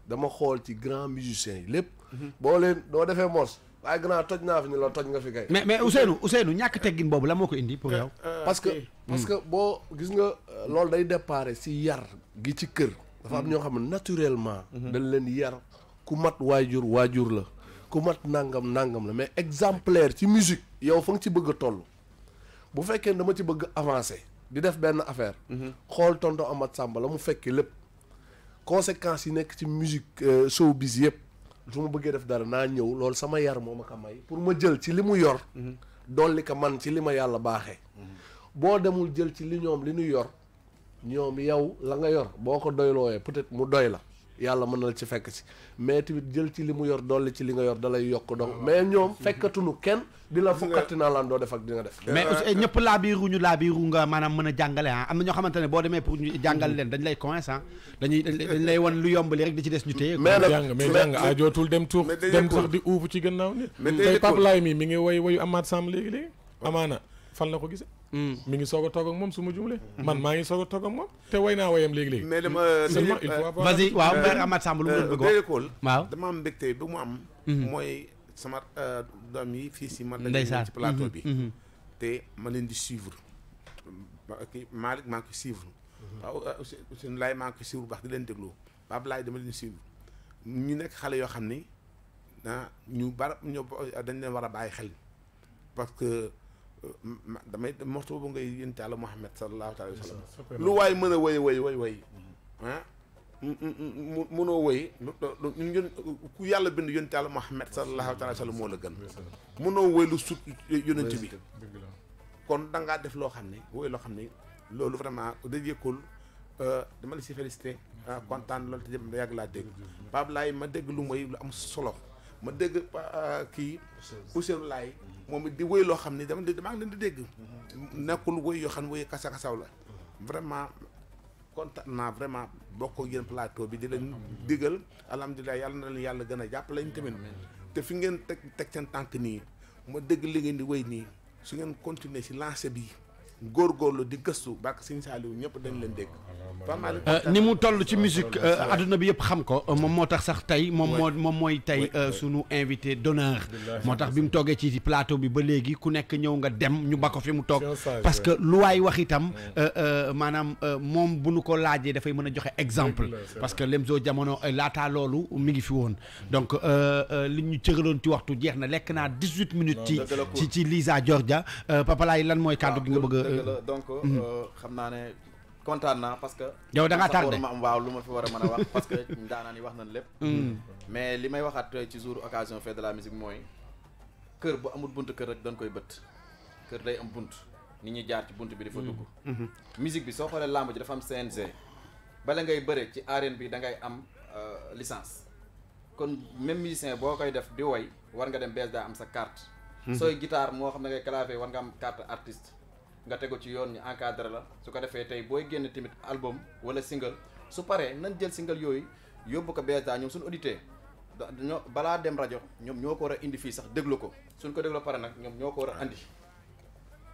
dama xool ci grand musicien yi lépp. boo leen doo defee mos waaye gannaaw toj naa fi ñu la toj nga fi kay. mais mais Ousseynou Ousseynou ñàkk teggin boobu la moo ko indi pour yow. Euh, parce que parce que hmm. boo gis nga euh, loolu day déparé si yar gi ci kër. dafa am hmm. ñoo xam ne naturellement. Hmm. dañ leen yar ku mat waajur waajur la ku mat nangam nangam la mais exemplaire ci musique yow fa nga ci bëgg a toll bu fekkee dama ci bëgg avancé di def benn affaire. xool tonton Amath Samba la mu fekkee lépp conséquences yi nekk ci musique euh, showbiz yëpp. su ma bëggee def dara naa ñëw loolu sama yar moo ma ko may pour ma jël ci li mu yor mhm. dolli ko man ci li ma yàlla baaxee mhm. boo demul jël ci li ñoom li ñu yor ñoom yow la nga yor boo ko doylooyee peut-être mu doy la yàlla mën na la ci fekk si mais tamit jël ci li mu yor dolli ci li nga yor dalay yokk donc mais ñoom fekkatulu kenn di la naa laan doo def ak di def mais eh, ñëpp laa biiru ñu laa biiru nga maanaam mën a jàngale ah. am na ñoo xamante ne boo demee pour ñu jàngal leen dañ lay convaincre ah dañuy dañ lay wan lu yombali rek di ci des ñu téye mais jàng mais jàng ajootul dem tuux dem di uubu ci gannaaw nit tey mi ngi woy woyu Amath Samb léegi-léegi amaana fan la ko gisee mu mm. ngi soog a toog ak moom su ma jumlee man maa ngi soog a toog ak moom te way naa wayam léegi-léegi mais dama euh, seulement il faut euh, vas Samb lu mu doon euh, bëgg a dama am mbégte mu am mm-hmm. sama doom yi fii si man la ci plateau mm-hmm. bi mm-hmm. te ma leen di suivre kii Malick maa ngi koy suivre waaw Ousseynou Laye maa ngi suivre baax di leen déglu Pape Laye dama leen di suivre ñu nekk xale yoo xam ni ah, ñu bar ñu dañ leen war a bàyyi xel parce que damay mortu boobu ngay yéen taala Muhammad sallallahu alayhi wa sallam lu waay mën a woy woy woy woy mënoo woy ñun ku yàlla bind yéen taala Muhammad sallallahu alayhi wa sallam moo la gën mënoo woy lu sut yonent bi kon da ngaa def loo xam ne woy loo xam ne loolu vraiment da yëkkul dama la si félicité kontaan loolu te laa ma dégg lu mooy lu am solo ma dégg kii Ousseynou Laye moom it di woy loo xam ni dama damaa leen di dégg nekkul woy yoo xam ne woy kasa-kasaw la vraiment kontaan naa vraiment bokk ak yéen plateau bi di leen digal alhamdulilah yàlla na leen yàlla gën a jàpp ñu tamit te fi ngeen teg teg seen tànk nii ma dégg li ngeen di woy nii su ngeen continuer si lancé bi góorgóorlu di gëstu bak Sëñ Saaliw ñëpp dañ leen dégg euh, ni mu toll ci musique euh, aduna bi yëpp xam ko euh, mom motax sax tay mom mom moy tay tey invité d'honneur motax bi mu toogee ci plateau bi ba légui ku nekk ñëw nga dem ñu ba ko fi mu tok parce que lu waay wax itam maanaam moom bu nu ko laajee da fay mëna joxé exemple parce que Lemzo jamono laataa lolu mi ngi fi won donc li ñu cëraloon ci waxtu lek na 18 minutes ci ci Lisa Georgia Papa lay lan moy cadeau gi nga bëgg dëgg la euh, donc euh, euh, mhm. xam naa ne kontaan naa parce que. yow da ngaa tardé ma am waaw lu ma fi war a mën a wax parce que daanaa ni wax nañ lépp. Mhm. Mhm. mais li may waxaat ci jour occasion fête de la musique mooy kër bu amul bunt kër rek dañ koy bëtt kër day am bunt ni ñu jaar ci bunt bi dafa dugg. musique bi soo xoolee làmb ji dafa am ngay bëre ci arène bi da ngay am licence kon même boo koy def di woy war nga dem bees daa sa carte. sooy guitare moo xam ne ngay clavier war nga am carte artiste. nga tego ci yoon ñu encadré la su ko defee tey booy génn tamit album wala single su paree nan jël single yooyu yóbbu ko BSDA ñoom suñu auditeurs dañoo balaa dem rajo ñoom ñoo ko war a indi fii sax déglu ko suñ ko la pare nag ñoom ñoo ko war a andi.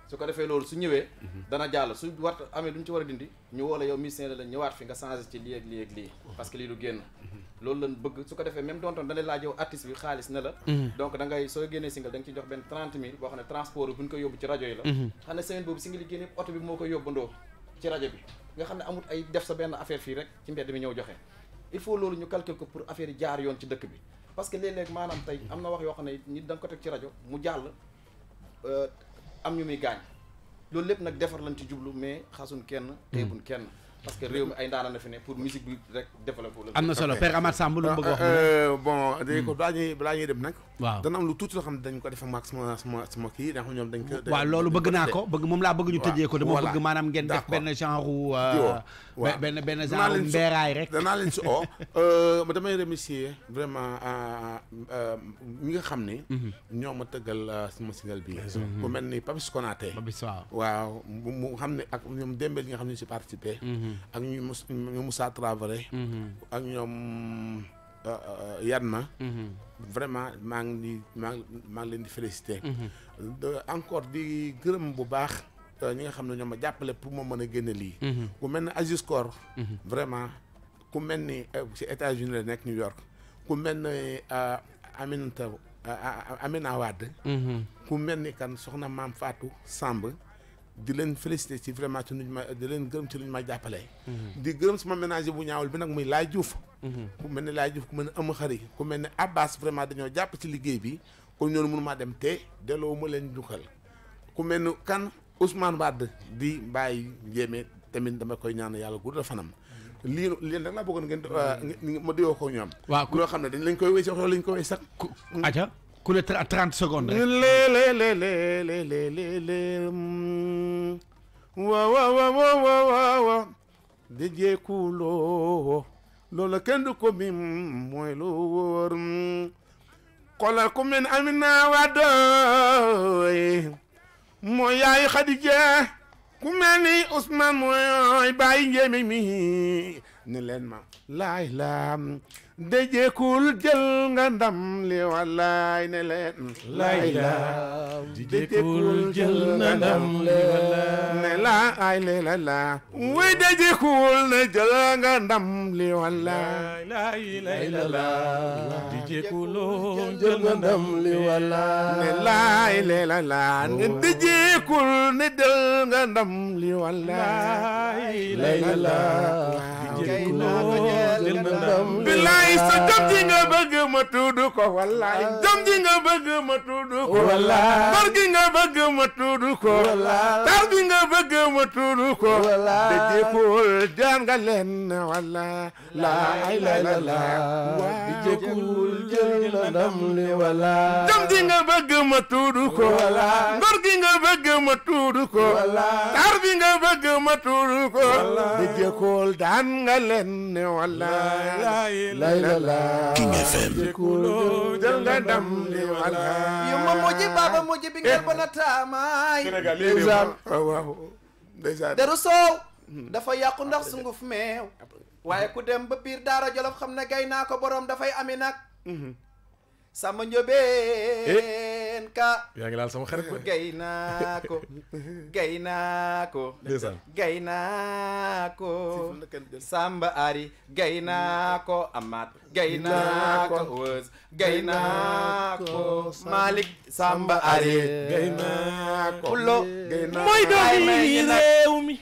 su ko defee loolu su ñëwee mhm. dana jàll su war amee lu ñu ci war a dindi ñu woola yow musicien la ñëwaat fi nga changé ci lii ak lii ak lii mhm. parce que lii du génn mhm. loolu lañ bëgg su ko defee même doontoon da lay laaj yow artiste bi ne la donc da ngay soo génnee single da nga jox benn trente mille boo xam ne transport bi bu ñu ko yóbbu ci rajo yi la xam ne semaine boobu single yi génne oto bi moo koy yóbbandoo ci rajo bi nga xam ne amut ay def sa benn affaire fii rek ci mbedd mi ñëw joxe il faut loolu ñu ko pour affaire yi yoon ci dëkk bi parce que léeg-léeg maanaam tey am na wax yoo xam am ñu muy gaañ loolu lépp nag defar lañ ci jublu mais xasuñ kenn. Hmm. teebun kenn. parce que réew mi ay ndaana na fi ne pour musique bi rek développer la. am na solo Père Amath Samb lu mu bëgg wax. Euh, euh, bon dañu ko hmm. balaa ñuy dem nak dañ am lu tout loo xam dañ ko def maag sama sama sama kii ndax ñoom dañ ko. waaw lolu bëgg na ko bëgg mom la bëgg ñu tëjee ko. dama bëgg manam ngeen def ben genre. waaw ben benn genre euh, mbeeraay rek. danaa leen si oo oh, damay remercier vraiment à ñi nga xam ne. Mhm. ñoo ma tëggal sama singal bi. ku mel ni Papis Konaté. waaw mu xam ne ak ñoom Dembel nga xam ne si participé mhm ak ñu Moussa Traoré mhm. ak ñom euh, euh, Yadma mhm. vraiment maa ngi maa maa ngi leen di féliciter mhm. encore di gërëm bu baax euh, ñi nga xam ne ñoom ma jàppale pour moo mën a génne lii ku mel ni vraiment ku mel ni ci États-Unis la nekk New York ku mel ni Aminata Amina Wade ku mel ni kan soxna maam Fatou Samb di leen félicité ci vraiment ci nuñ ma di leen gërëm ci nuñ ma jàppale. Mhm. di gërëm sama ménager bu ñaawul bi nag muy Laay mhm. Diouf. ku mel ne Laay Diouf ku mel ne Ama Xari ku mel ne Abbas vraiment dañoo jàpp ci liggéey bi kon ñoo mënu maa dem te delloo ma leen dugal ku mel ni kan Ousmane Wade di bàyyi yéeme tamit dama koy ñaan yàlla gudd fanam. Mhm. lii lii nag laa bëggoon ngeen ah, ma diwoo ko ñoom. waaw loo xam ne dañ lañ koy wéy sax loolu lañ koy wéy sax. ku ku ne trente secondes rek léelé mm. waaw waaw waaw waaw DJ Cooloo loola kenn du ko mi mooy lu wóor mm. xoolal ku mel Amina Wadoy mooy yaay Xadija ku mel ni Ousmane mooy bàyyi njéeme mi ne leen ma laay laam dëjëkul jël nga jël nga ndam li wallaay ne laay ne la la jël nga ndam li wallaay lay la la dëjëkul ne laay oh. nga ndam li wallaay lay la wallaay nga bëgg ma tudd ko wallaay nga bëgg ma tudd ko wallaay bar gi nga ma di jékul daan nga leen wallaay King FM jël nga ndam li yu ma mujj baaba mujj bi ba na taamaay ndeysaan oh, waaw waaw hmm. dafa yàqu ndax sunguf meew waaye ku dem ba biir daara jolof xam ne gay naa ko boroom dafay ami nag hmm. sama njóobee eh. leen ka. yaa ngi laal sama xarit ba. gay naa ko gay naa ko. ndeysaan gay naa ko. Samba Ari gay naa ko Amath. gay naa ko Wës gay mi.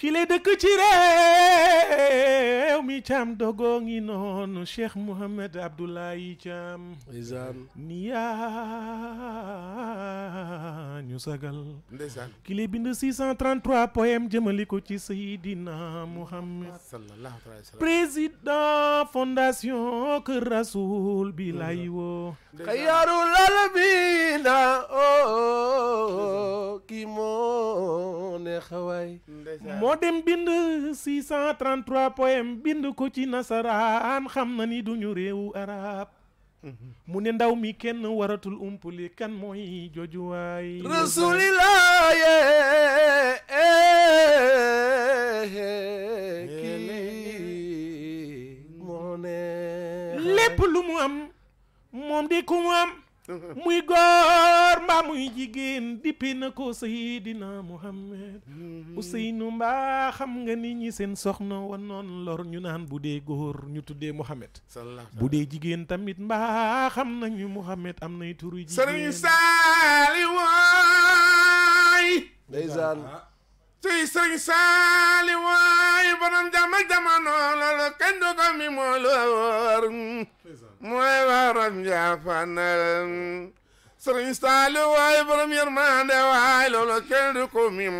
kile dëkk ci réew mi Thiam dogoo ngi noonu Cheikh Abdoulaye Thiam. ndeysaan ni ñu sagal. ndeysaan kile bind 633 poème jëmali ci Seydina mohamed président fondation Kër Rasoul bi lay woo. xayrul alamiina oo ki moo ne moo dem bind 633 bind ko ci nasaraan xam na ni duñu réewu arab mu ne ndaw mi kenn waratul umpuli kan mooy jojuwaay rasulillah lépp lu mu am moom di mu am muy góor mbaa muy jigéen dippi na ko Seydina Muhammad Ousseynou mm-hmm. mbaa xam nga ni ñi seen soxna wan noon lor ñu naan bu dee góor ñu tuddee Muhammad bu dee jigéen tamit mbaa xam nañu Muhammad am nay turu jigéen sëriñ saali waay ndeysaan ah. jama jamono loolu kenn du ko mi moo loor mooy waram jaafanal sëriñ Saalu waaye borom yërmande waaye loolu kenn du ko mim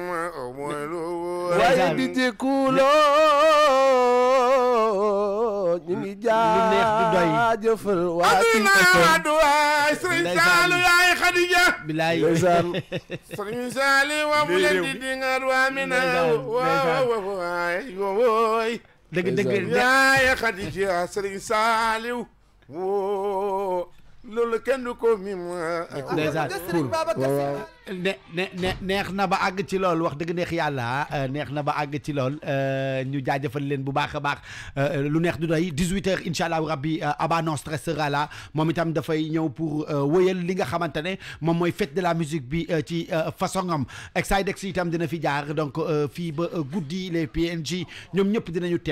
mooy lu waaye di jëkkuloo ñu ngi jaajëfal waa King FM waay sëriñ Saalu yaay Xadija bilaay sëriñ Saalu waa bu leen di dingaat waa Mina waay waay dëgg dëgg yaay Xadija sëriñ Saaliw woo loolu kenn du ko mi ma. Ah. Ah. Ah. ne ne neex na ba àgg ci lool wax dëgg neex yàlla euh, neex na ba àgg ci lool euh, ñu jaajëfal leen bu baax a baax euh, lu neex du doy 18h incha allah rabbi aba Non Stress sera là moom itam dafay ñëw pour wëyal li nga xamante ne moom mooy fête de la musique bi ci façon am Exidex itam dina fi jaar donc fii ba guddi les png ñoom ñëpp dinañu teew.